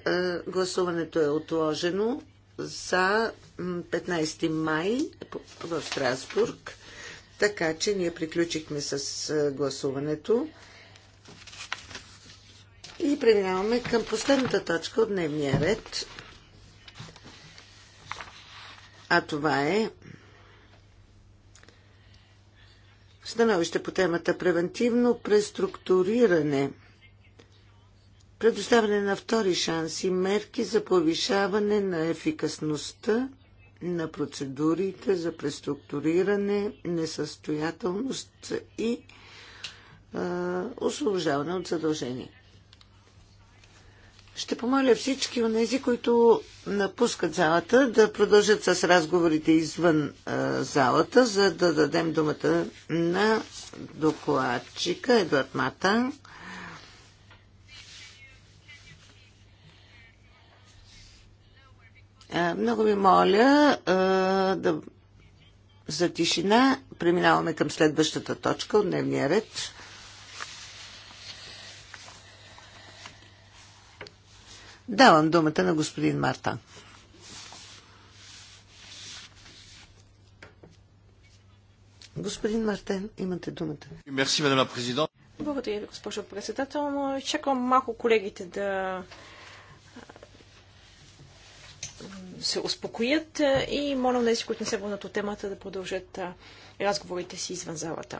гласуването е отложено за 15 май в Страсбург. Така че ние приключихме с гласуването. И преминаваме към последната точка от дневния ред. А това е становище по темата превентивно преструктуриране, предоставяне на втори шанс и мерки за повишаване на ефикасността на процедурите за преструктуриране, несъстоятелност и освобождаване от задължения. Ще помоля всички от тези, които напускат залата, да продължат с разговорите извън а, залата, за да дадем думата на докладчика Едуард А, Много ви моля а, да за тишина. Преминаваме към следващата точка от дневния ред. Давам думата на господин Марта. Господин Мартен, имате думата. Мерси, мадам президент. Благодаря ви, госпожо председател, чакам малко колегите да се успокоят е, и моля тези, които не се върнат от темата, да продължат е, разговорите си извън залата.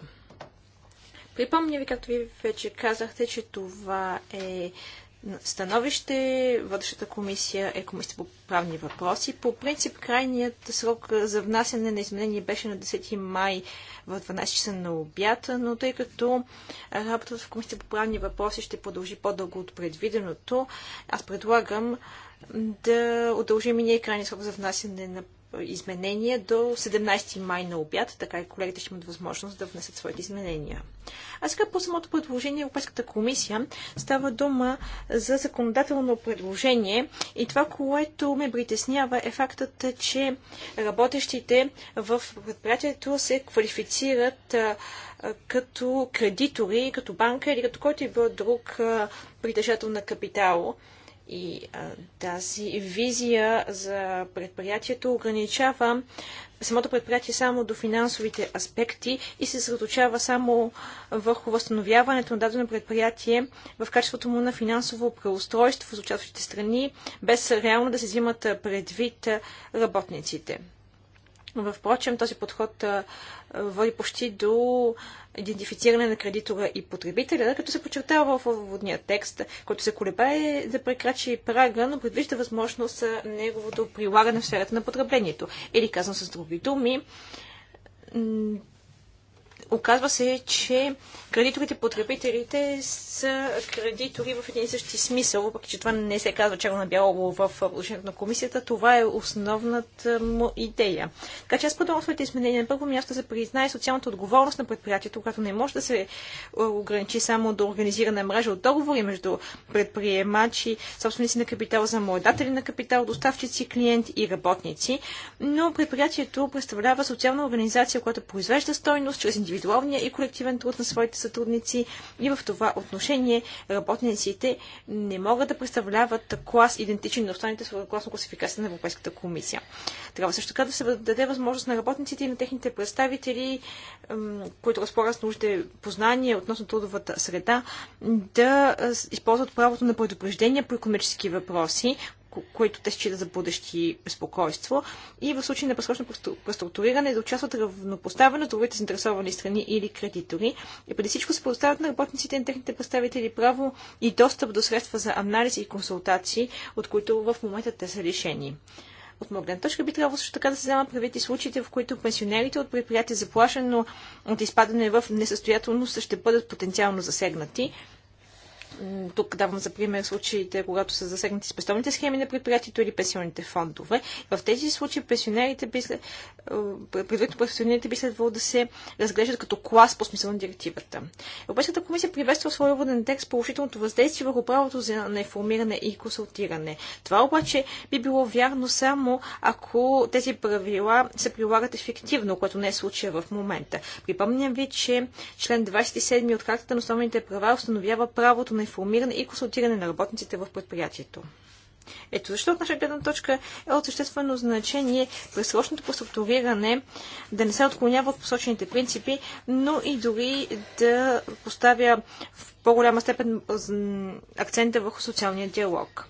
Припомня ви, както ви вече казахте, че това е становище. вътрешната комисия е комисия по правни въпроси. По принцип, крайният срок за внасяне на изменение беше на 10 май в 12 часа на обяд, но тъй като работата в комисията по правни въпроси ще продължи по-дълго от предвиденото, аз предлагам да удължим и ние крайния срок за внасяне на изменения до 17 май на обяд, така и колегите ще имат възможност да внесат своите изменения. А сега по самото предложение Европейската комисия става дума за законодателно предложение и това, което ме притеснява е фактът, че работещите в предприятието се квалифицират като кредитори, като банка или като който и е бил друг притежател на капитал. И а, тази визия за предприятието ограничава самото предприятие само до финансовите аспекти и се съсредоточава само върху възстановяването на дадено предприятие в качеството му на финансово преустройство в участващите страни, без реално да се взимат предвид работниците. Впрочем, този подход води почти до идентифициране на кредитора и потребителя, като се подчертава в водния текст, който се колебае да прекрачи прага, но предвижда възможност неговото прилагане в сферата на потреблението. Или казвам с други думи, Оказва се, че кредиторите-потребителите са кредитори в един и същи смисъл, въпреки че това не се казва черно на бяло в положението на комисията. Това е основната му идея. Така че аз подобно своите изменения. На първо място се признае социалната отговорност на предприятието, която не може да се ограничи само до организирана мрежа от договори между предприемачи, собственици на капитал, замладатели на капитал, доставчици, клиент и работници. Но предприятието представлява социална организация, която произвежда стойност чрез индивидуалния и колективен труд на своите сътрудници и в това отношение работниците не могат да представляват клас идентичен на останалите съгласно класификация на Европейската комисия. Трябва също така да се даде възможност на работниците и на техните представители, които разполагат с нужните познания относно трудовата среда, да използват правото на предупреждение по економически въпроси, които те считат за бъдещи безпокойство. И в случай на безсрочно преструктуриране да участват равнопоставено с другите заинтересовани страни или кредитори. И преди всичко се предоставят на работниците и техните представители право и достъп до средства за анализ и консултации, от които в момента те са лишени. От моя гледна точка би трябвало също така да се вземат предвид и случаите, в които пенсионерите от предприятия, заплашено от изпадане в несъстоятелност ще бъдат потенциално засегнати. Тук давам за пример случаите, когато са засегнати спестовните схеми на предприятието или пенсионните фондове. В тези случаи пенсионерите би, е, предварително пенсионерите би следвало да се разглеждат като клас по смисъл на директивата. Европейската комисия приветства в своя воден текст положителното въздействие върху правото за информиране и консултиране. Това обаче би било вярно само ако тези правила се прилагат ефективно, което не е случая в момента. Припомням ви, че член 27 от Хартата на основните права установява правото на информиране и консултиране на работниците в предприятието. Ето защо от наша гледна точка е от съществено значение при срочното преструктуриране да не се отклонява от посочените принципи, но и дори да поставя в по-голяма степен акцента върху социалния диалог.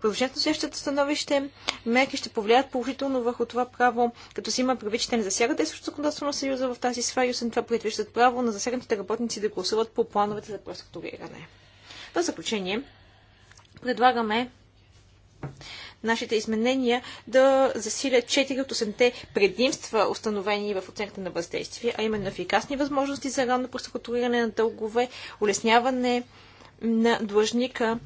Предложението на следващото становище мерки ще повлияят положително върху това право, като си има предвид, че те не засягат действащото законодателство на Съюза в тази сфера и освен това предвиждат право на засегнатите работници да гласуват по плановете за преструктуриране. В заключение, предлагаме нашите изменения да засилят 4 от 8-те предимства, установени в оценката на въздействие, а именно ефикасни възможности за ранно преструктуриране на дългове, улесняване на длъжника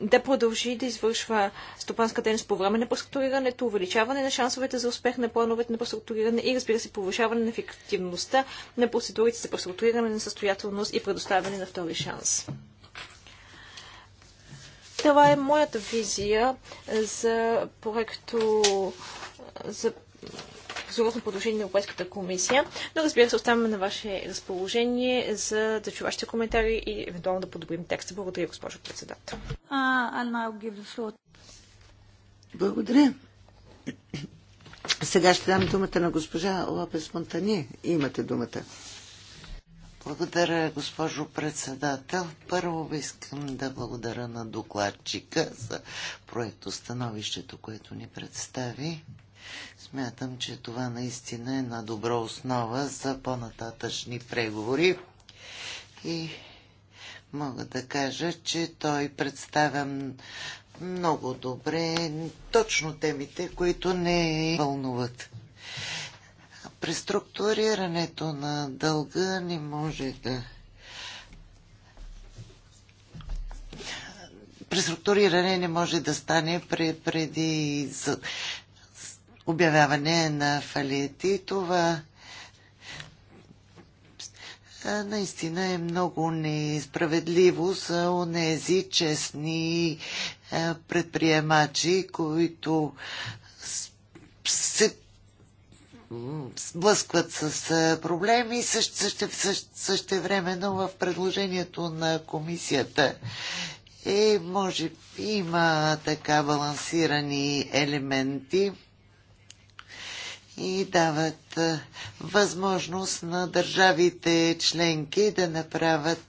да продължи да извършва стопанска дейност по време на преструктурирането, увеличаване на шансовете за успех на плановете на преструктуриране и разбира се повишаване на ефективността на процедурите за преструктуриране на състоятелност и предоставяне на втори шанс. Това е моята визия за проекто за съгласно предложение на Европейската комисия, но разбира се, оставаме на ваше разположение за да чу вашите коментари и евентуално да подобрим текста. Благодаря, госпожо председател. Благодаря. Сега ще дам думата на госпожа Лопес Монтани. Имате думата. Благодаря, госпожо председател. Първо искам да благодаря на докладчика за становището, което ни представи. Смятам, че това наистина е на добра основа за по-нататъчни преговори. И мога да кажа, че той представя много добре точно темите, които не вълнуват. Преструктурирането на дълга не може да преструктуриране не може да стане преди обявяване на И Това наистина е много несправедливо за онези честни предприемачи, които се сблъскват с проблеми. Също, също, също, същевременно в предложението на комисията е, може има така балансирани елементи и дават възможност на държавите членки да направят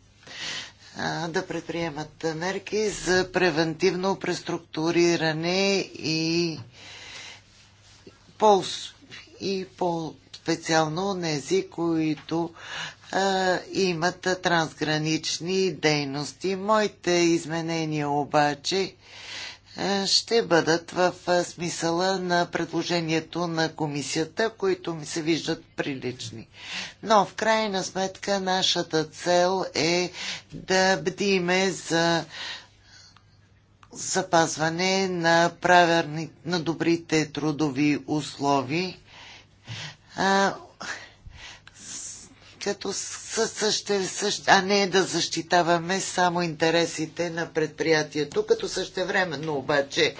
да предприемат мерки за превентивно преструктуриране и по, и по-специално нези, които а, имат трансгранични дейности. Моите изменения обаче а, ще бъдат в смисъла на предложението на комисията, които ми се виждат прилични. Но в крайна сметка нашата цел е да бдиме за запазване на, правилни, на добрите трудови услови като съще, съще, а не да защитаваме само интересите на предприятието, като същевременно обаче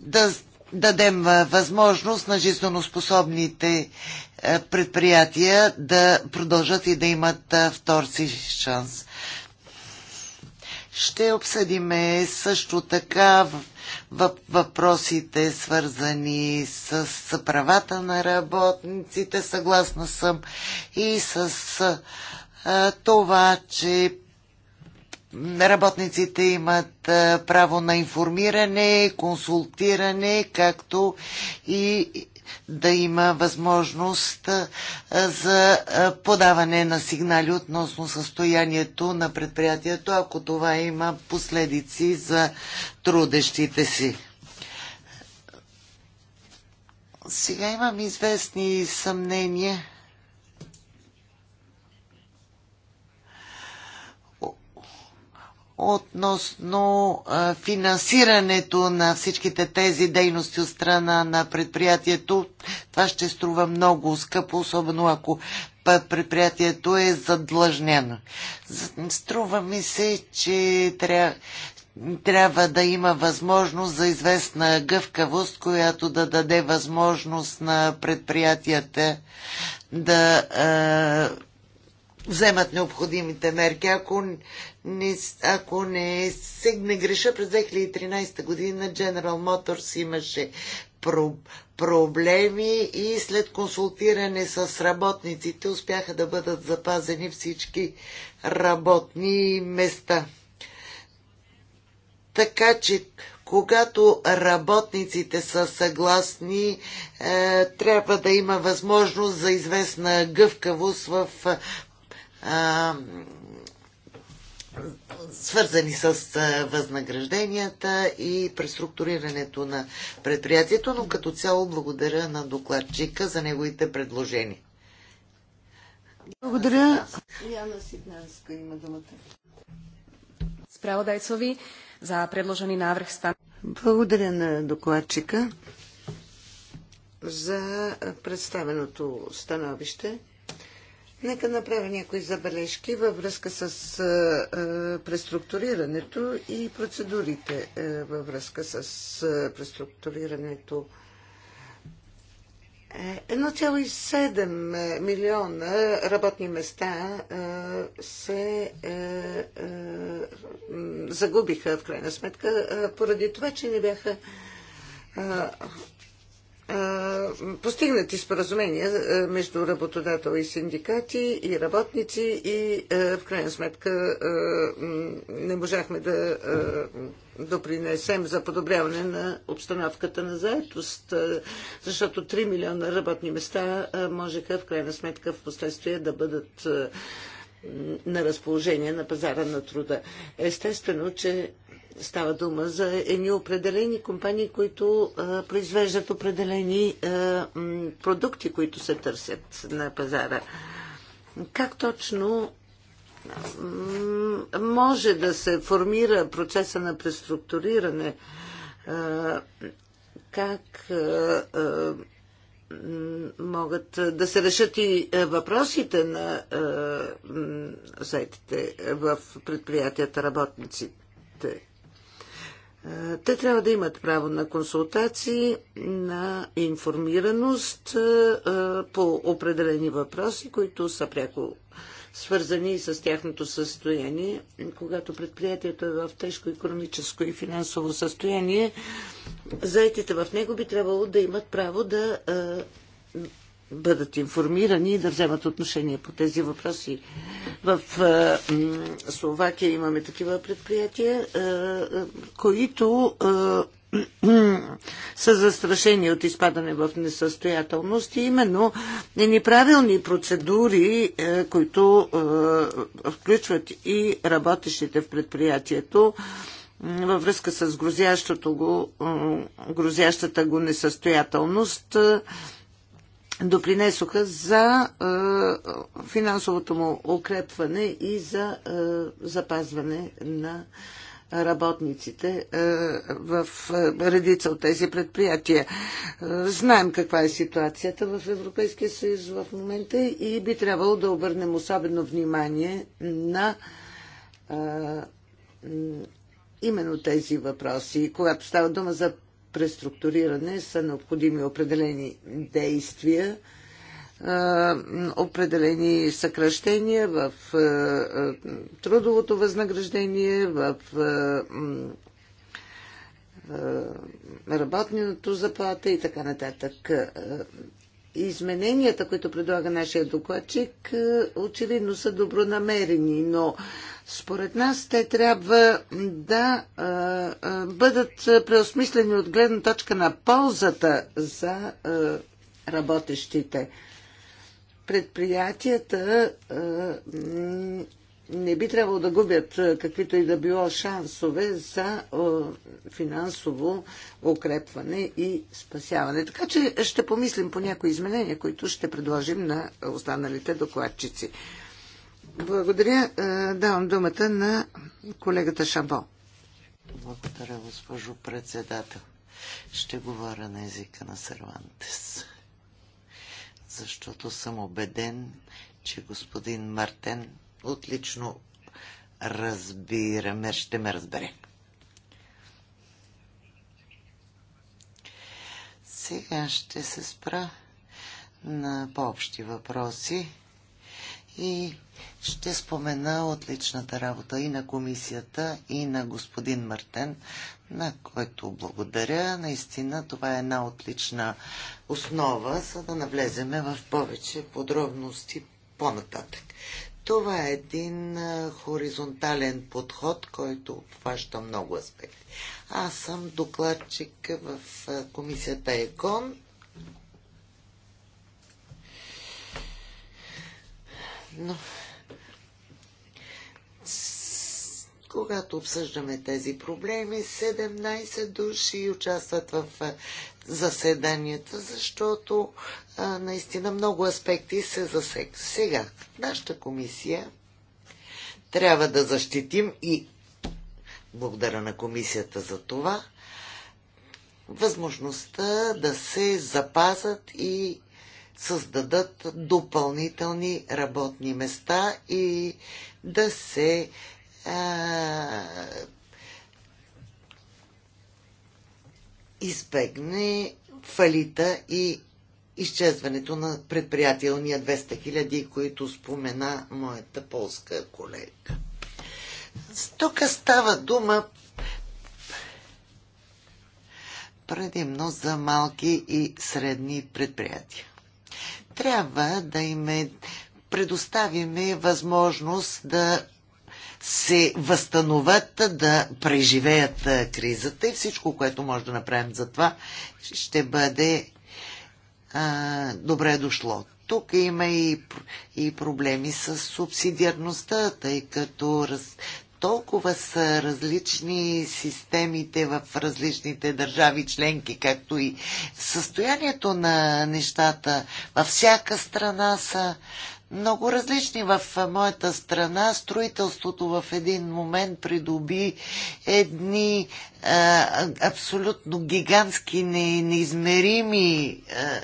да дадем възможност на жизненоспособните предприятия да продължат и да имат вторци шанс. Ще обсъдиме също така въпросите свързани с правата на работниците, съгласна съм и с това, че работниците имат право на информиране, консултиране, както и да има възможност за подаване на сигнали относно състоянието на предприятието, ако това има последици за трудещите си. Сега имам известни съмнения относно финансирането на всичките тези дейности от страна на предприятието. Това ще струва много скъпо, особено ако предприятието е задлъжнено. Струва ми се, че трябва трябва да има възможност за известна гъвкавост, която да даде възможност на предприятията да вземат необходимите мерки. Ако не, ако не, не греша, през 2013 година General Motors имаше про, проблеми и след консултиране с работниците успяха да бъдат запазени всички работни места. Така че, когато работниците са съгласни, е, трябва да има възможност за известна гъвкавост в е, свързани с възнагражденията и преструктурирането на предприятието, но като цяло благодаря на докладчика за неговите предложения. Благодаря. Яна Сигнанска има думата. Справодайцови за предложени навръх стан. Благодаря на докладчика за представеното становище. Нека направя някои забележки във връзка с а, а, преструктурирането и процедурите а, във връзка с а, преструктурирането. 1,7 е, милиона работни места се загубиха в крайна сметка поради това, че не бяха постигнати споразумения между работодател и синдикати и работници и в крайна сметка не можахме да допринесем за подобряване на обстановката на заетост, защото 3 милиона работни места можеха в крайна сметка в последствие да бъдат на разположение на пазара на труда. Естествено, че Става дума за едни определени компании, които а, произвеждат определени а, м, продукти, които се търсят на пазара. Как точно може да се формира процеса на преструктуриране? А, как а, могат да се решат и въпросите на сайтите в предприятията работниците? Те трябва да имат право на консултации, на информираност е, е, по определени въпроси, които са пряко свързани с тяхното състояние. Когато предприятието е в тежко економическо и финансово състояние, заетите в него би трябвало да имат право да е, бъдат информирани и да вземат отношение по тези въпроси. В е, Словакия имаме такива предприятия, е, е, които са застрашени от изпадане в несъстоятелност и именно неправилни процедури, които включват и работещите в предприятието, във връзка с грозящата го несъстоятелност допринесоха за е, финансовото му укрепване и за е, запазване на работниците е, в редица от тези предприятия. Знаем каква е ситуацията в Европейския съюз в момента и би трябвало да обърнем особено внимание на именно тези въпроси. Когато става дума за преструктуриране са необходими определени действия, определени съкръщения в трудовото възнаграждение, в работното заплата и така нататък измененията, които предлага нашия докладчик, е, очевидно са добронамерени, но според нас те трябва да е, е, бъдат преосмислени от гледна точка на ползата за работещите. Предприятията не би трябвало да губят каквито и да било шансове за финансово укрепване и спасяване. Така че ще помислим по някои изменения, които ще предложим на останалите докладчици. Благодаря. Давам думата на колегата Шабо. Благодаря, госпожо председател. Ще говоря на езика на Сервантес. Защото съм убеден, че господин Мартен отлично разбираме, ще ме разбере. Сега ще се спра на по-общи въпроси и ще спомена отличната работа и на комисията, и на господин Мартен, на който благодаря. Наистина това е една отлична основа, за да навлеземе в повече подробности по-нататък. Това е един хоризонтален подход, който обхваща много аспекти. Аз съм докладчик в комисията ЕКОН. Но когато обсъждаме тези проблеми, 17 души участват в заседанията, защото а, наистина много аспекти се засек. Сега, нашата комисия трябва да защитим и благодаря на комисията за това, възможността да се запазат и създадат допълнителни работни места и да се а, избегне фалита и изчезването на предприятелния 200 хиляди, които спомена моята полска колега. Тук става дума предимно за малки и средни предприятия. Трябва да им предоставиме възможност да се възстановят, да преживеят кризата и всичко, което може да направим за това, ще бъде а, добре дошло. Тук има и, и проблеми с субсидиарността, тъй като раз, толкова са различни системите в различните държави членки, както и състоянието на нещата във всяка страна са много различни. В моята страна строителството в един момент придоби едни а, абсолютно гигантски, не, неизмерими а,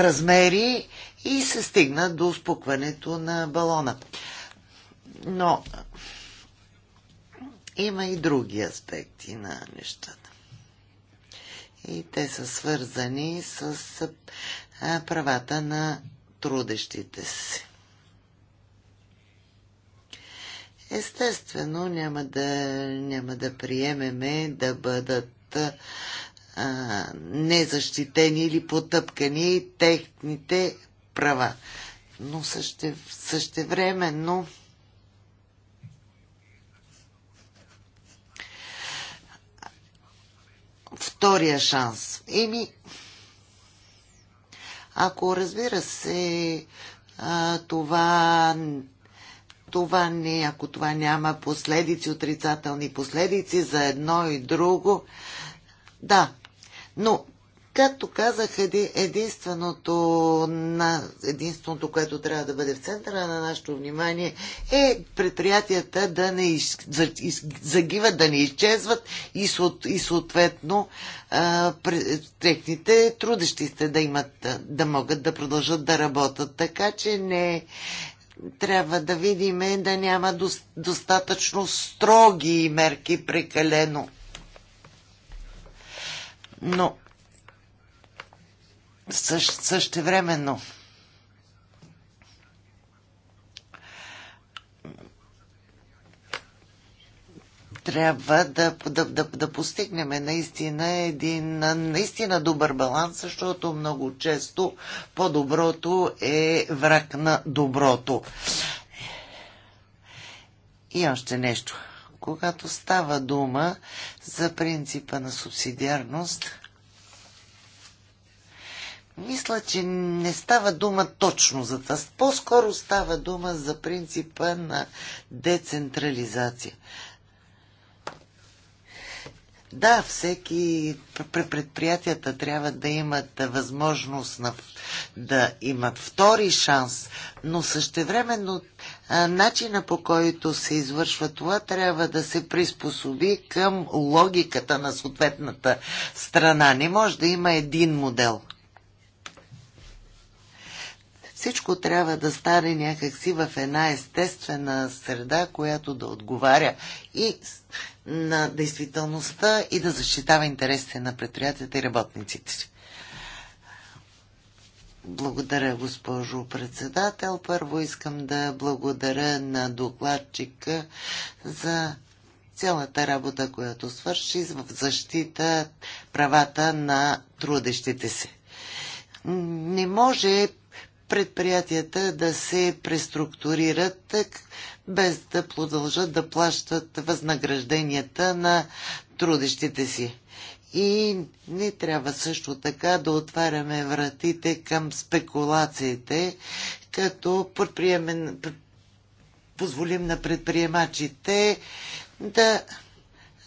размери и се стигна до спукването на балона. Но има и други аспекти на нещата и те са свързани с правата на трудещите си. Естествено, няма да, няма да приемеме да бъдат а, незащитени или потъпкани техните права. Но време, но... втория шанс. Еми, ако разбира се, това това не, ако това няма последици, отрицателни последици за едно и друго. Да, но Както казах, единственото, на, единственото, което трябва да бъде в центъра на нашето внимание е предприятията да не из, из, загиват, да не изчезват и, и съответно а, техните трудещи сте да имат, да могат да продължат да работят. Така че не, трябва да видиме да няма достатъчно строги мерки прекалено. Но Същ, същевременно трябва да, да, да, да постигнем наистина един наистина добър баланс, защото много често по-доброто е враг на доброто. И още нещо. Когато става дума за принципа на субсидиарност, мисля, че не става дума точно за това. По-скоро става дума за принципа на децентрализация. Да, всеки предприятията трябва да имат възможност на, да имат втори шанс, но същевременно начина по който се извършва това трябва да се приспособи към логиката на съответната страна. Не може да има един модел – всичко трябва да стане някакси в една естествена среда, която да отговаря и на действителността и да защитава интересите на предприятията и работниците си. Благодаря, госпожо председател. Първо искам да благодаря на докладчика за цялата работа, която свърши в защита правата на трудещите се. Не може предприятията да се преструктурират, без да продължат да плащат възнагражденията на трудещите си. И не трябва също така да отваряме вратите към спекулациите, като позволим на предприемачите да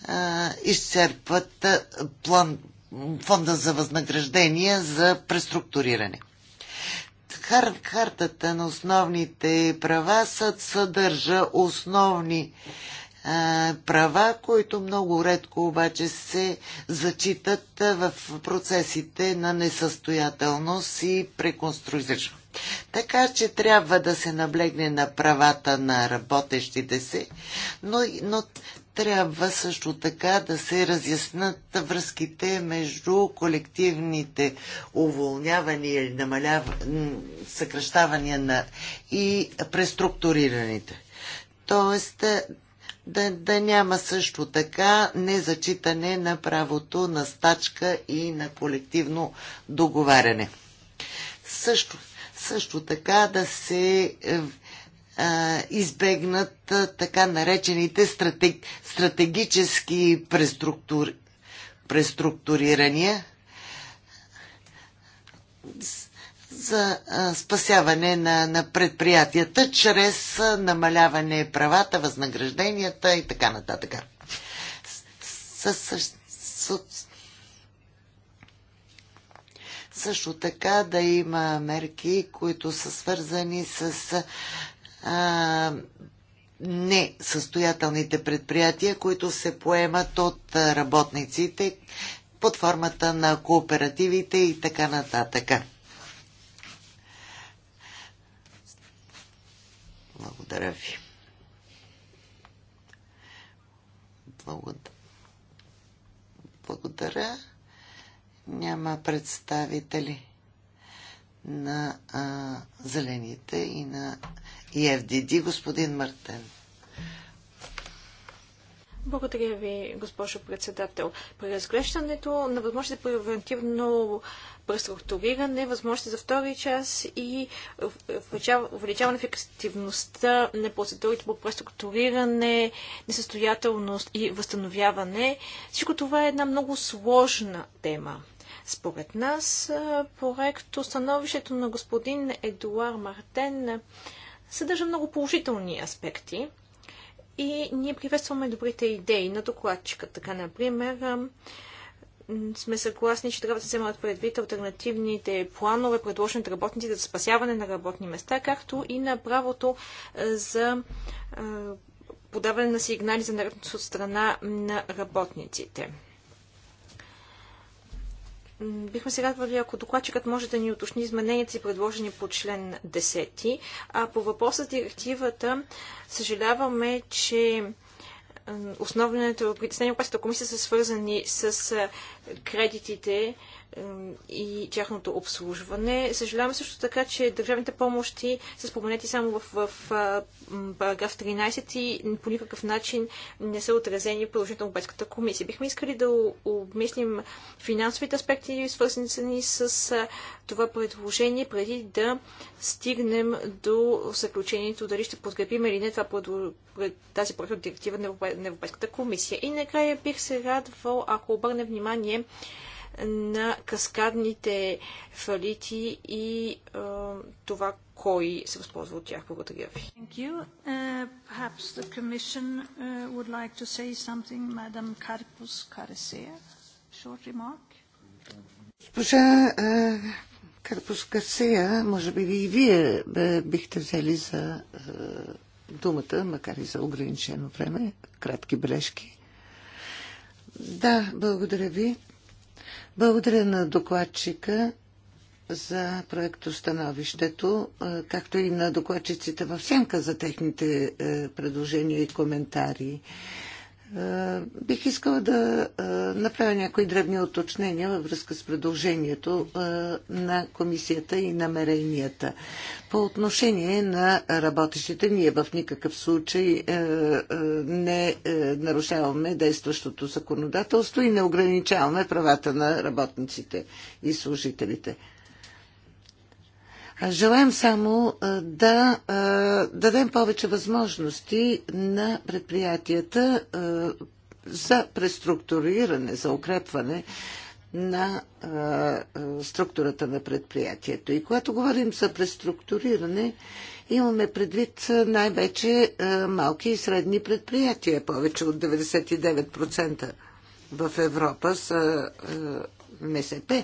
а, изчерпват план, фонда за възнаграждения за преструктуриране хар, хартата на основните права съд съдържа основни а, права, които много редко обаче се зачитат в процесите на несъстоятелност и преконструкция. Така че трябва да се наблегне на правата на работещите се, но, но трябва също така да се разяснат връзките между колективните уволнявания или намалява, съкръщавания на, и преструктурираните. Тоест е, да, да няма също така незачитане на правото на стачка и на колективно договаряне. Също, също така да се е, избегнат така наречените стратег, стратегически преструктур, преструктурирания за спасяване на, на предприятията чрез намаляване правата, възнагражденията и така нататък. С, с, с, също така да има мерки, които са свързани с а, несъстоятелните предприятия, които се поемат от работниците под формата на кооперативите и така нататък. Благодаря ви. Благодаря. Няма представители на а, зелените и на ЕФДД, господин Мартен. Благодаря ви, госпожо председател. При разглеждането на възможности за превентивно преструктуриране, възможности за втори час и увеличаване в ефективността на процедурите по преструктуриране, несъстоятелност и възстановяване. Всичко това е една много сложна тема. Според нас, проекто становището на господин Едуар Мартен съдържа много положителни аспекти и ние приветстваме добрите идеи на докладчика. Така, например, сме съгласни, че трябва да се вземат предвид альтернативните планове, предложени от работниците за спасяване на работни места, както и на правото за подаване на сигнали за нередност от страна на работниците. Бихме се радвали, ако докладчикът може да ни уточни измененията си, предложени по член 10. А по въпроса директивата, съжаляваме, че основните притеснения на комисия са свързани с кредитите, и тяхното обслужване. Съжалявам също така, че държавните помощи са споменати само в, в, в параграф 13 и по никакъв начин не са отразени в положението на Европейската комисия. Бихме искали да обмислим финансовите аспекти, свързани с това предложение, преди да стигнем до заключението дали ще подкрепим или не това тази проект директива на Европейската комисия. И накрая бих се радвал, ако обърне внимание на каскадните фалити и а, това кой се възползва от тях. Благодаря ви. Uh, uh, like Karpus, Госпожа uh, Карпус Карсея, може би и вие бихте взели за думата, макар и за ограничено време, кратки бележки. Да, благодаря ви. Благодаря на докладчика за проектостановището, както и на докладчиците в сянка за техните е, предложения и коментари. Е, бих искала да е, направя някои древни уточнения във връзка с предложението е, на комисията и намеренията. По отношение на работещите, ние в никакъв случай не нарушаваме действащото законодателство и не ограничаваме правата на работниците и служителите. Желаем само да дадем повече възможности на предприятията за преструктуриране, за укрепване на структурата на предприятието. И когато говорим за преструктуриране, имаме предвид най-вече малки и средни предприятия. Повече от 99% в Европа са МСП,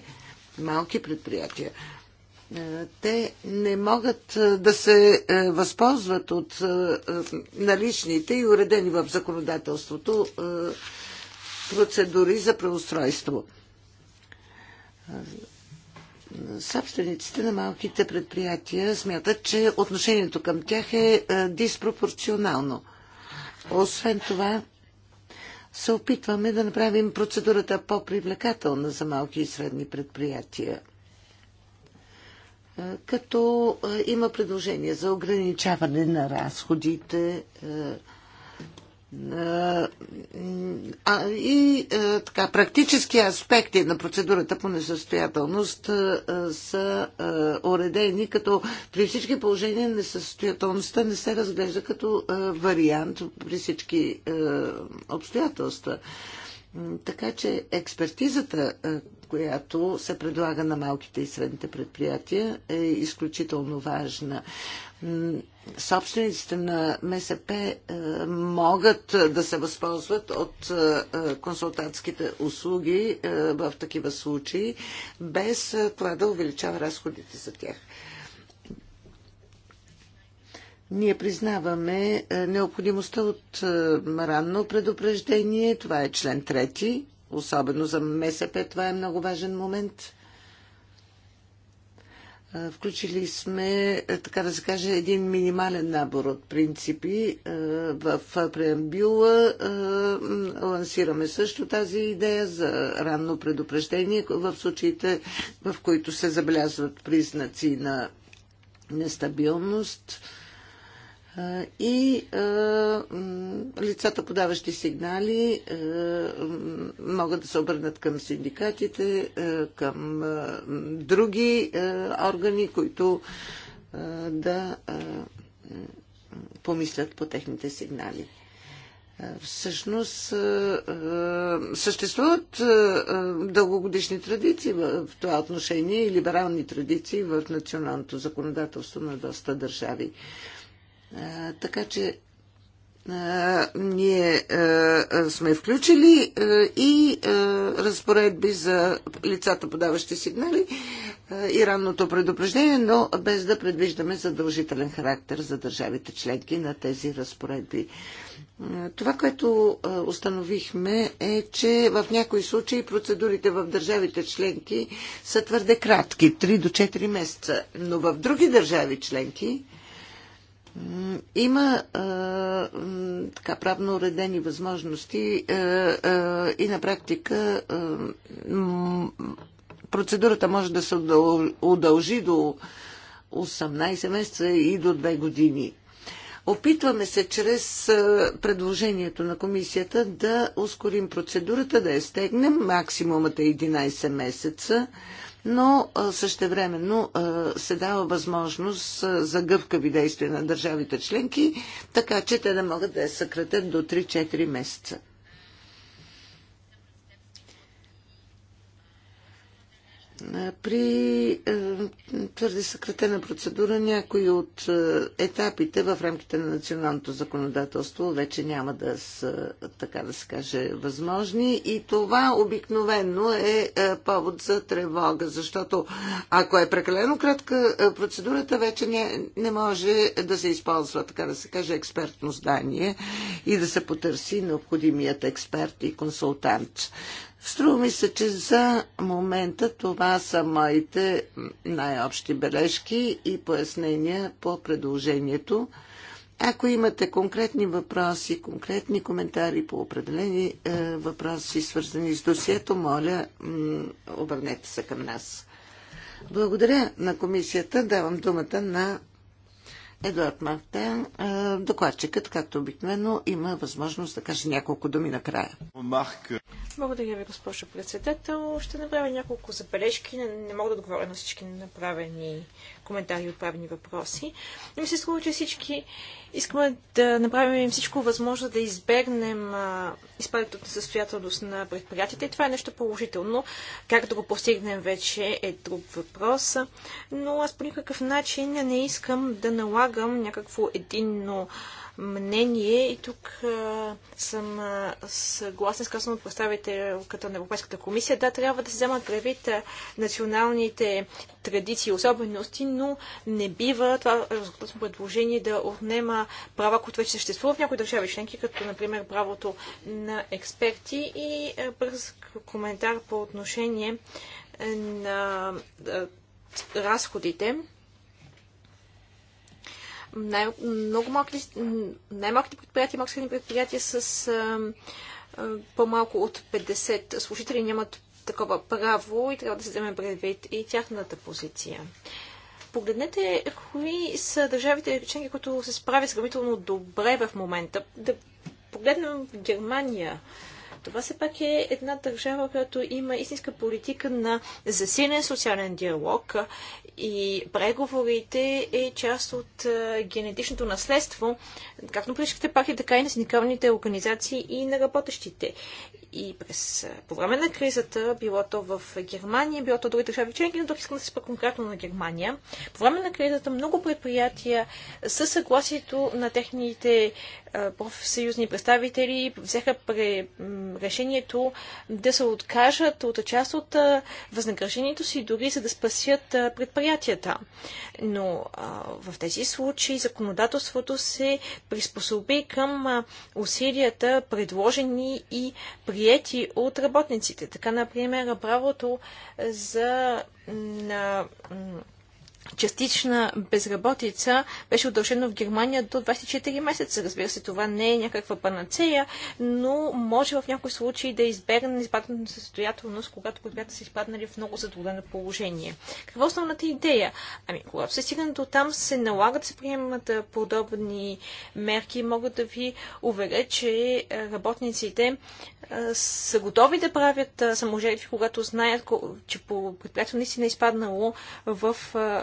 малки предприятия. Е, те не могат е, да се е, възползват от наличните и уредени в законодателството процедури за преустройство. Собствениците на малките предприятия смятат, че отношението към тях е диспропорционално. Освен това, се опитваме да направим процедурата по-привлекателна за малки и средни предприятия – е, като е, има предложение за ограничаване на разходите е, а, и така, практически аспекти на процедурата по несъстоятелност са уредени, като при всички положения несъстоятелността не се разглежда като вариант при всички обстоятелства. Така че експертизата, която се предлага на малките и средните предприятия, е изключително важна. Собствениците на МСП е, могат да се възползват от е, е, консултантските услуги в такива случаи, без това да увеличава разходите за тях. Ние признаваме необходимостта от ранно предупреждение. Това е член трети Особено за МСП това е много важен момент. Включили сме, е, така да се каже, един минимален набор от принципи е, в преамбюла. Е, лансираме също тази идея за ранно предупреждение в случаите, в които се забелязват признаци на нестабилност и лицата, подаващи сигнали, могат да се обърнат към синдикатите, към други органи, които да помислят по техните сигнали. Всъщност съществуват дългогодишни традиции в това отношение и либерални традиции в националното законодателство на доста държави. Така че ние сме включили и разпоредби за лицата подаващи сигнали и ранното предупреждение, но без да предвиждаме задължителен характер за държавите членки на тези разпоредби. Това, което установихме е, че в някои случаи процедурите в държавите членки са твърде кратки 3 до 4 месеца, но в други държави членки има а, така правно уредени възможности а, а, и на практика а, процедурата може да се удължи до 18 месеца и до 2 години. Опитваме се чрез предложението на комисията да ускорим процедурата, да я стегнем. Максимумът е 11 месеца, но същевременно се дава възможност за гъвкави действия на държавите членки, така че те да могат да я съкратят до 3-4 месеца. При твърде съкратена процедура някои от етапите в рамките на националното законодателство вече няма да са, така да се каже, възможни и това обикновено е повод за тревога, защото ако е прекалено кратка процедурата, вече не, не може да се използва, така да се каже, експертно здание и да се потърси необходимият експерт и консултант. Струва ми се, че за момента това са моите най-общи бележки и пояснения по предложението. Ако имате конкретни въпроси, конкретни коментари по определени е, въпроси, свързани с досието, моля, обърнете се към нас. Благодаря на комисията. Давам думата на Едуард Мартен, докладчикът, както обикновено, има възможност да каже няколко думи накрая. Благодаря ви, госпожо председател. Ще направя няколко забележки. Не, не мога да отговоря на всички направени коментари и отправени въпроси. И ми се струва, че всички искаме да направим всичко възможно да избегнем изпадането от състоятелност на предприятията и това е нещо положително. Как да го постигнем вече е друг въпрос, но аз по никакъв начин не искам да налагам някакво единно мнение и тук а, съм а, съгласен с казано от представителката на Европейската комисия. Да, трябва да се вземат предвид националните традиции и особености, но не бива това резултатно предложение да отнема права, които вече съществуват в някои държави членки, като например правото на експерти и а, бърз коментар по отношение на разходите най- много малки, най-малките предприятия, малки средни предприятия с а, а, по-малко от 50 служители нямат такова право и трябва да се вземе предвид и тяхната позиция. Погледнете кои са държавите членки, които се справят сравнително добре в момента. Да погледнем Германия, това все пак е една държава, която има истинска политика на засилен социален диалог и преговорите е част от генетичното наследство, както на политическите партии, така и на синдикалните организации и на работещите. И през, по време на кризата, било то в Германия, било то в други държави членки, но тук искам да се спра конкретно на Германия. По време на кризата много предприятия със съгласието на техните профсъюзни представители взеха пре, решението да се откажат от част от възнаграждението си, дори за да спасят предприятията. Но а, в тези случаи законодателството се приспособи към усилията, предложени и приети от работниците. Така, например, правото за на частична безработица беше удължено в Германия до 24 месеца. Разбира се, това не е някаква панацея, но може в някои случаи да е избегне на състоятелност, когато предприятията са изпаднали в много затруднено положение. Каква е основната идея? Ами, когато се стигне до там, се налагат да се приемат подобни мерки. Мога да ви уверя, че работниците са готови да правят саможертви, когато знаят, че по предприятието наистина е изпаднало в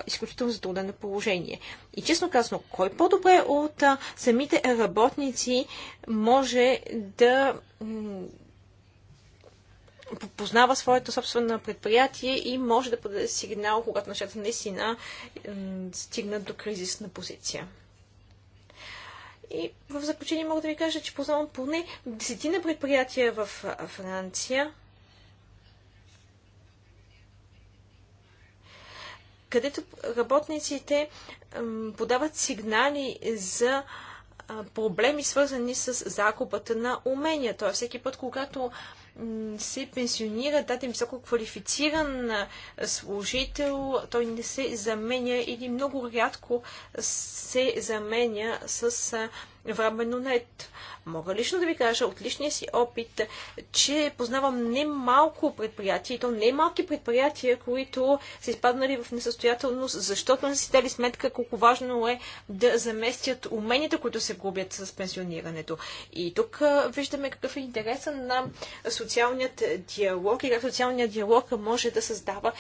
изключително затруднено положение. И честно казано, кой по-добре от а, самите работници може да познава своето собствено предприятие и може да подаде сигнал, когато нещата наистина стигнат до кризисна позиция. И в заключение мога да ви кажа, че познавам поне десетина предприятия в Франция, където работниците подават сигнали за проблеми, свързани с загубата на умения. Тоест, всеки път, когато се пенсионира даден високо квалифициран служител, той не се заменя или много рядко се заменя с временно нет. Мога лично да ви кажа от личния си опит, че познавам немалко предприятия, и то немалки предприятия, които са изпаднали в несъстоятелност, защото не си дали сметка колко важно е да заместят уменията, които се губят с пенсионирането. И тук виждаме какъв е интереса на социалният диалог и как социалният диалог може да създава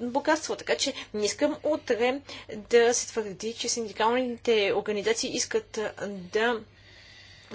богатство. Така че не искам утре да се твърди, че синдикалните организации искат да да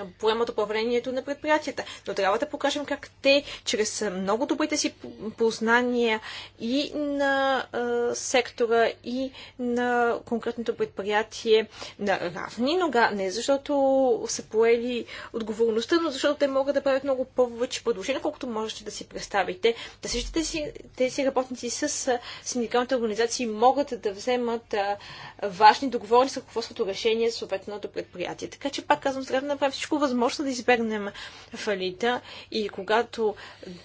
поемат управлението на предприятията. Но трябва да покажем как те, чрез много добрите си познания и на а, сектора, и на конкретното предприятие на равни нога, не защото са поели отговорността, но защото те могат да правят много повече предложения, колкото можете да си представите. Да същите тези, тези работници с синдикалните организации могат да вземат а, важни договорни с ръководството решение, съответното предприятие. Така че пак казвам, трябва да направим всичко възможно да избегнем фалита и когато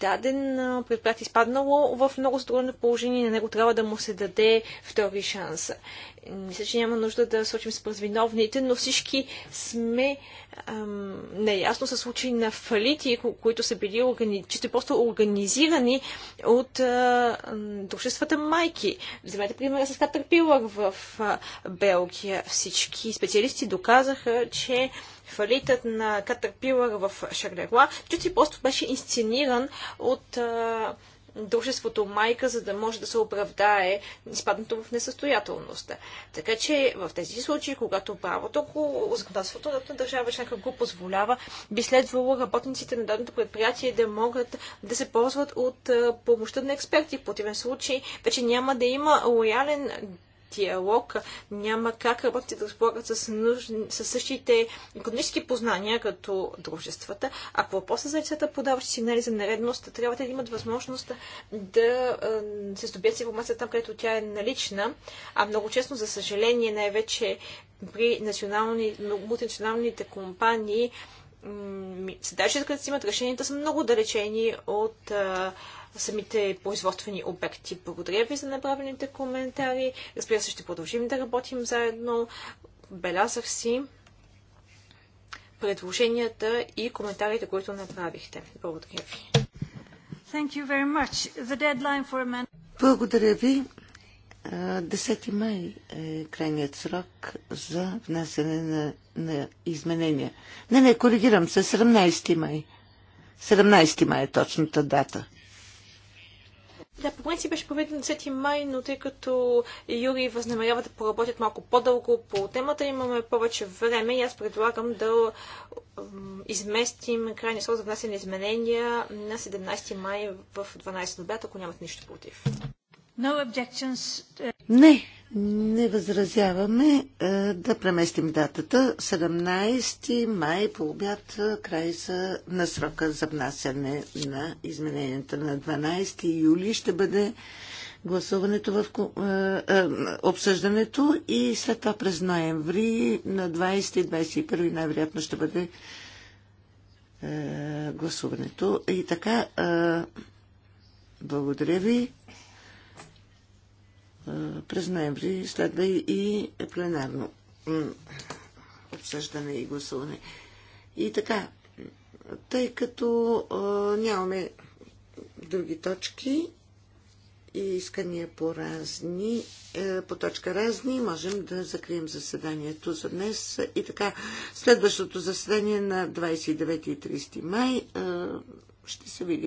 даден предприятие е изпаднало в много затруднено положение, на него трябва да му се даде втори шанс. Мисля, че няма нужда да сочим с виновните, но всички сме ам, неясно са случаи на фалити, които са били органи... чисто просто организирани от а, дружествата майки. Вземете пример, с Катърпилър в а, Белгия. Всички специалисти доказаха, че фалитът на Катърпилър в Шарлеруа, Тюци просто беше инсцениран от дружеството майка, за да може да се оправдае изпаднато в несъстоятелност. Така че в тези случаи, когато правото, законодателството на държава членка го позволява, би следвало работниците на даденото предприятие да могат да се ползват от помощта на експерти. В противен случай вече няма да има лоялен диалог. Няма как работите да разполагат с, нужни, с същите економически познания като дружествата. Ако въпросът за лицата, подаващи сигнали за нередност, трябва да имат възможност да се здобият с информация там, където тя е налична. А много честно, за съжаление, най-вече при национални, мултинационалните компании, седалищата, където си имат решенията, са много далечени от а, самите производствени обекти. Благодаря ви за направените коментари. Разбира се, ще продължим да работим заедно. Белязах си предложенията и коментарите, които направихте. Благодаря ви. For... Благодаря ви. 10 май е крайният срок за внасяне на, на изменения. Не, не, коригирам се. 17 май. 17 май е точната дата. Да, по принцип беше проведен 10 май, но тъй като Юрий възнамерява да поработят малко по-дълго по темата, имаме повече време и аз предлагам да изместим крайния срок за внасяне изменения на 17 май в 12 обяд, ако нямат нищо против. Uh, не, не възразяваме е, да преместим датата 17 май по обяд е, край са на срока за внасяне на измененията на 12 юли ще бъде гласуването в е, обсъждането и след това през ноември на 20 и 21 най-вероятно ще бъде е, гласуването. И така, благодаря ви. През ноември следва и пленарно обсъждане и гласуване. И така, тъй като а, нямаме други точки и искания по разни, е, по точка разни, можем да закрием заседанието за днес. И така, следващото заседание на 29 и 30 май ще се види.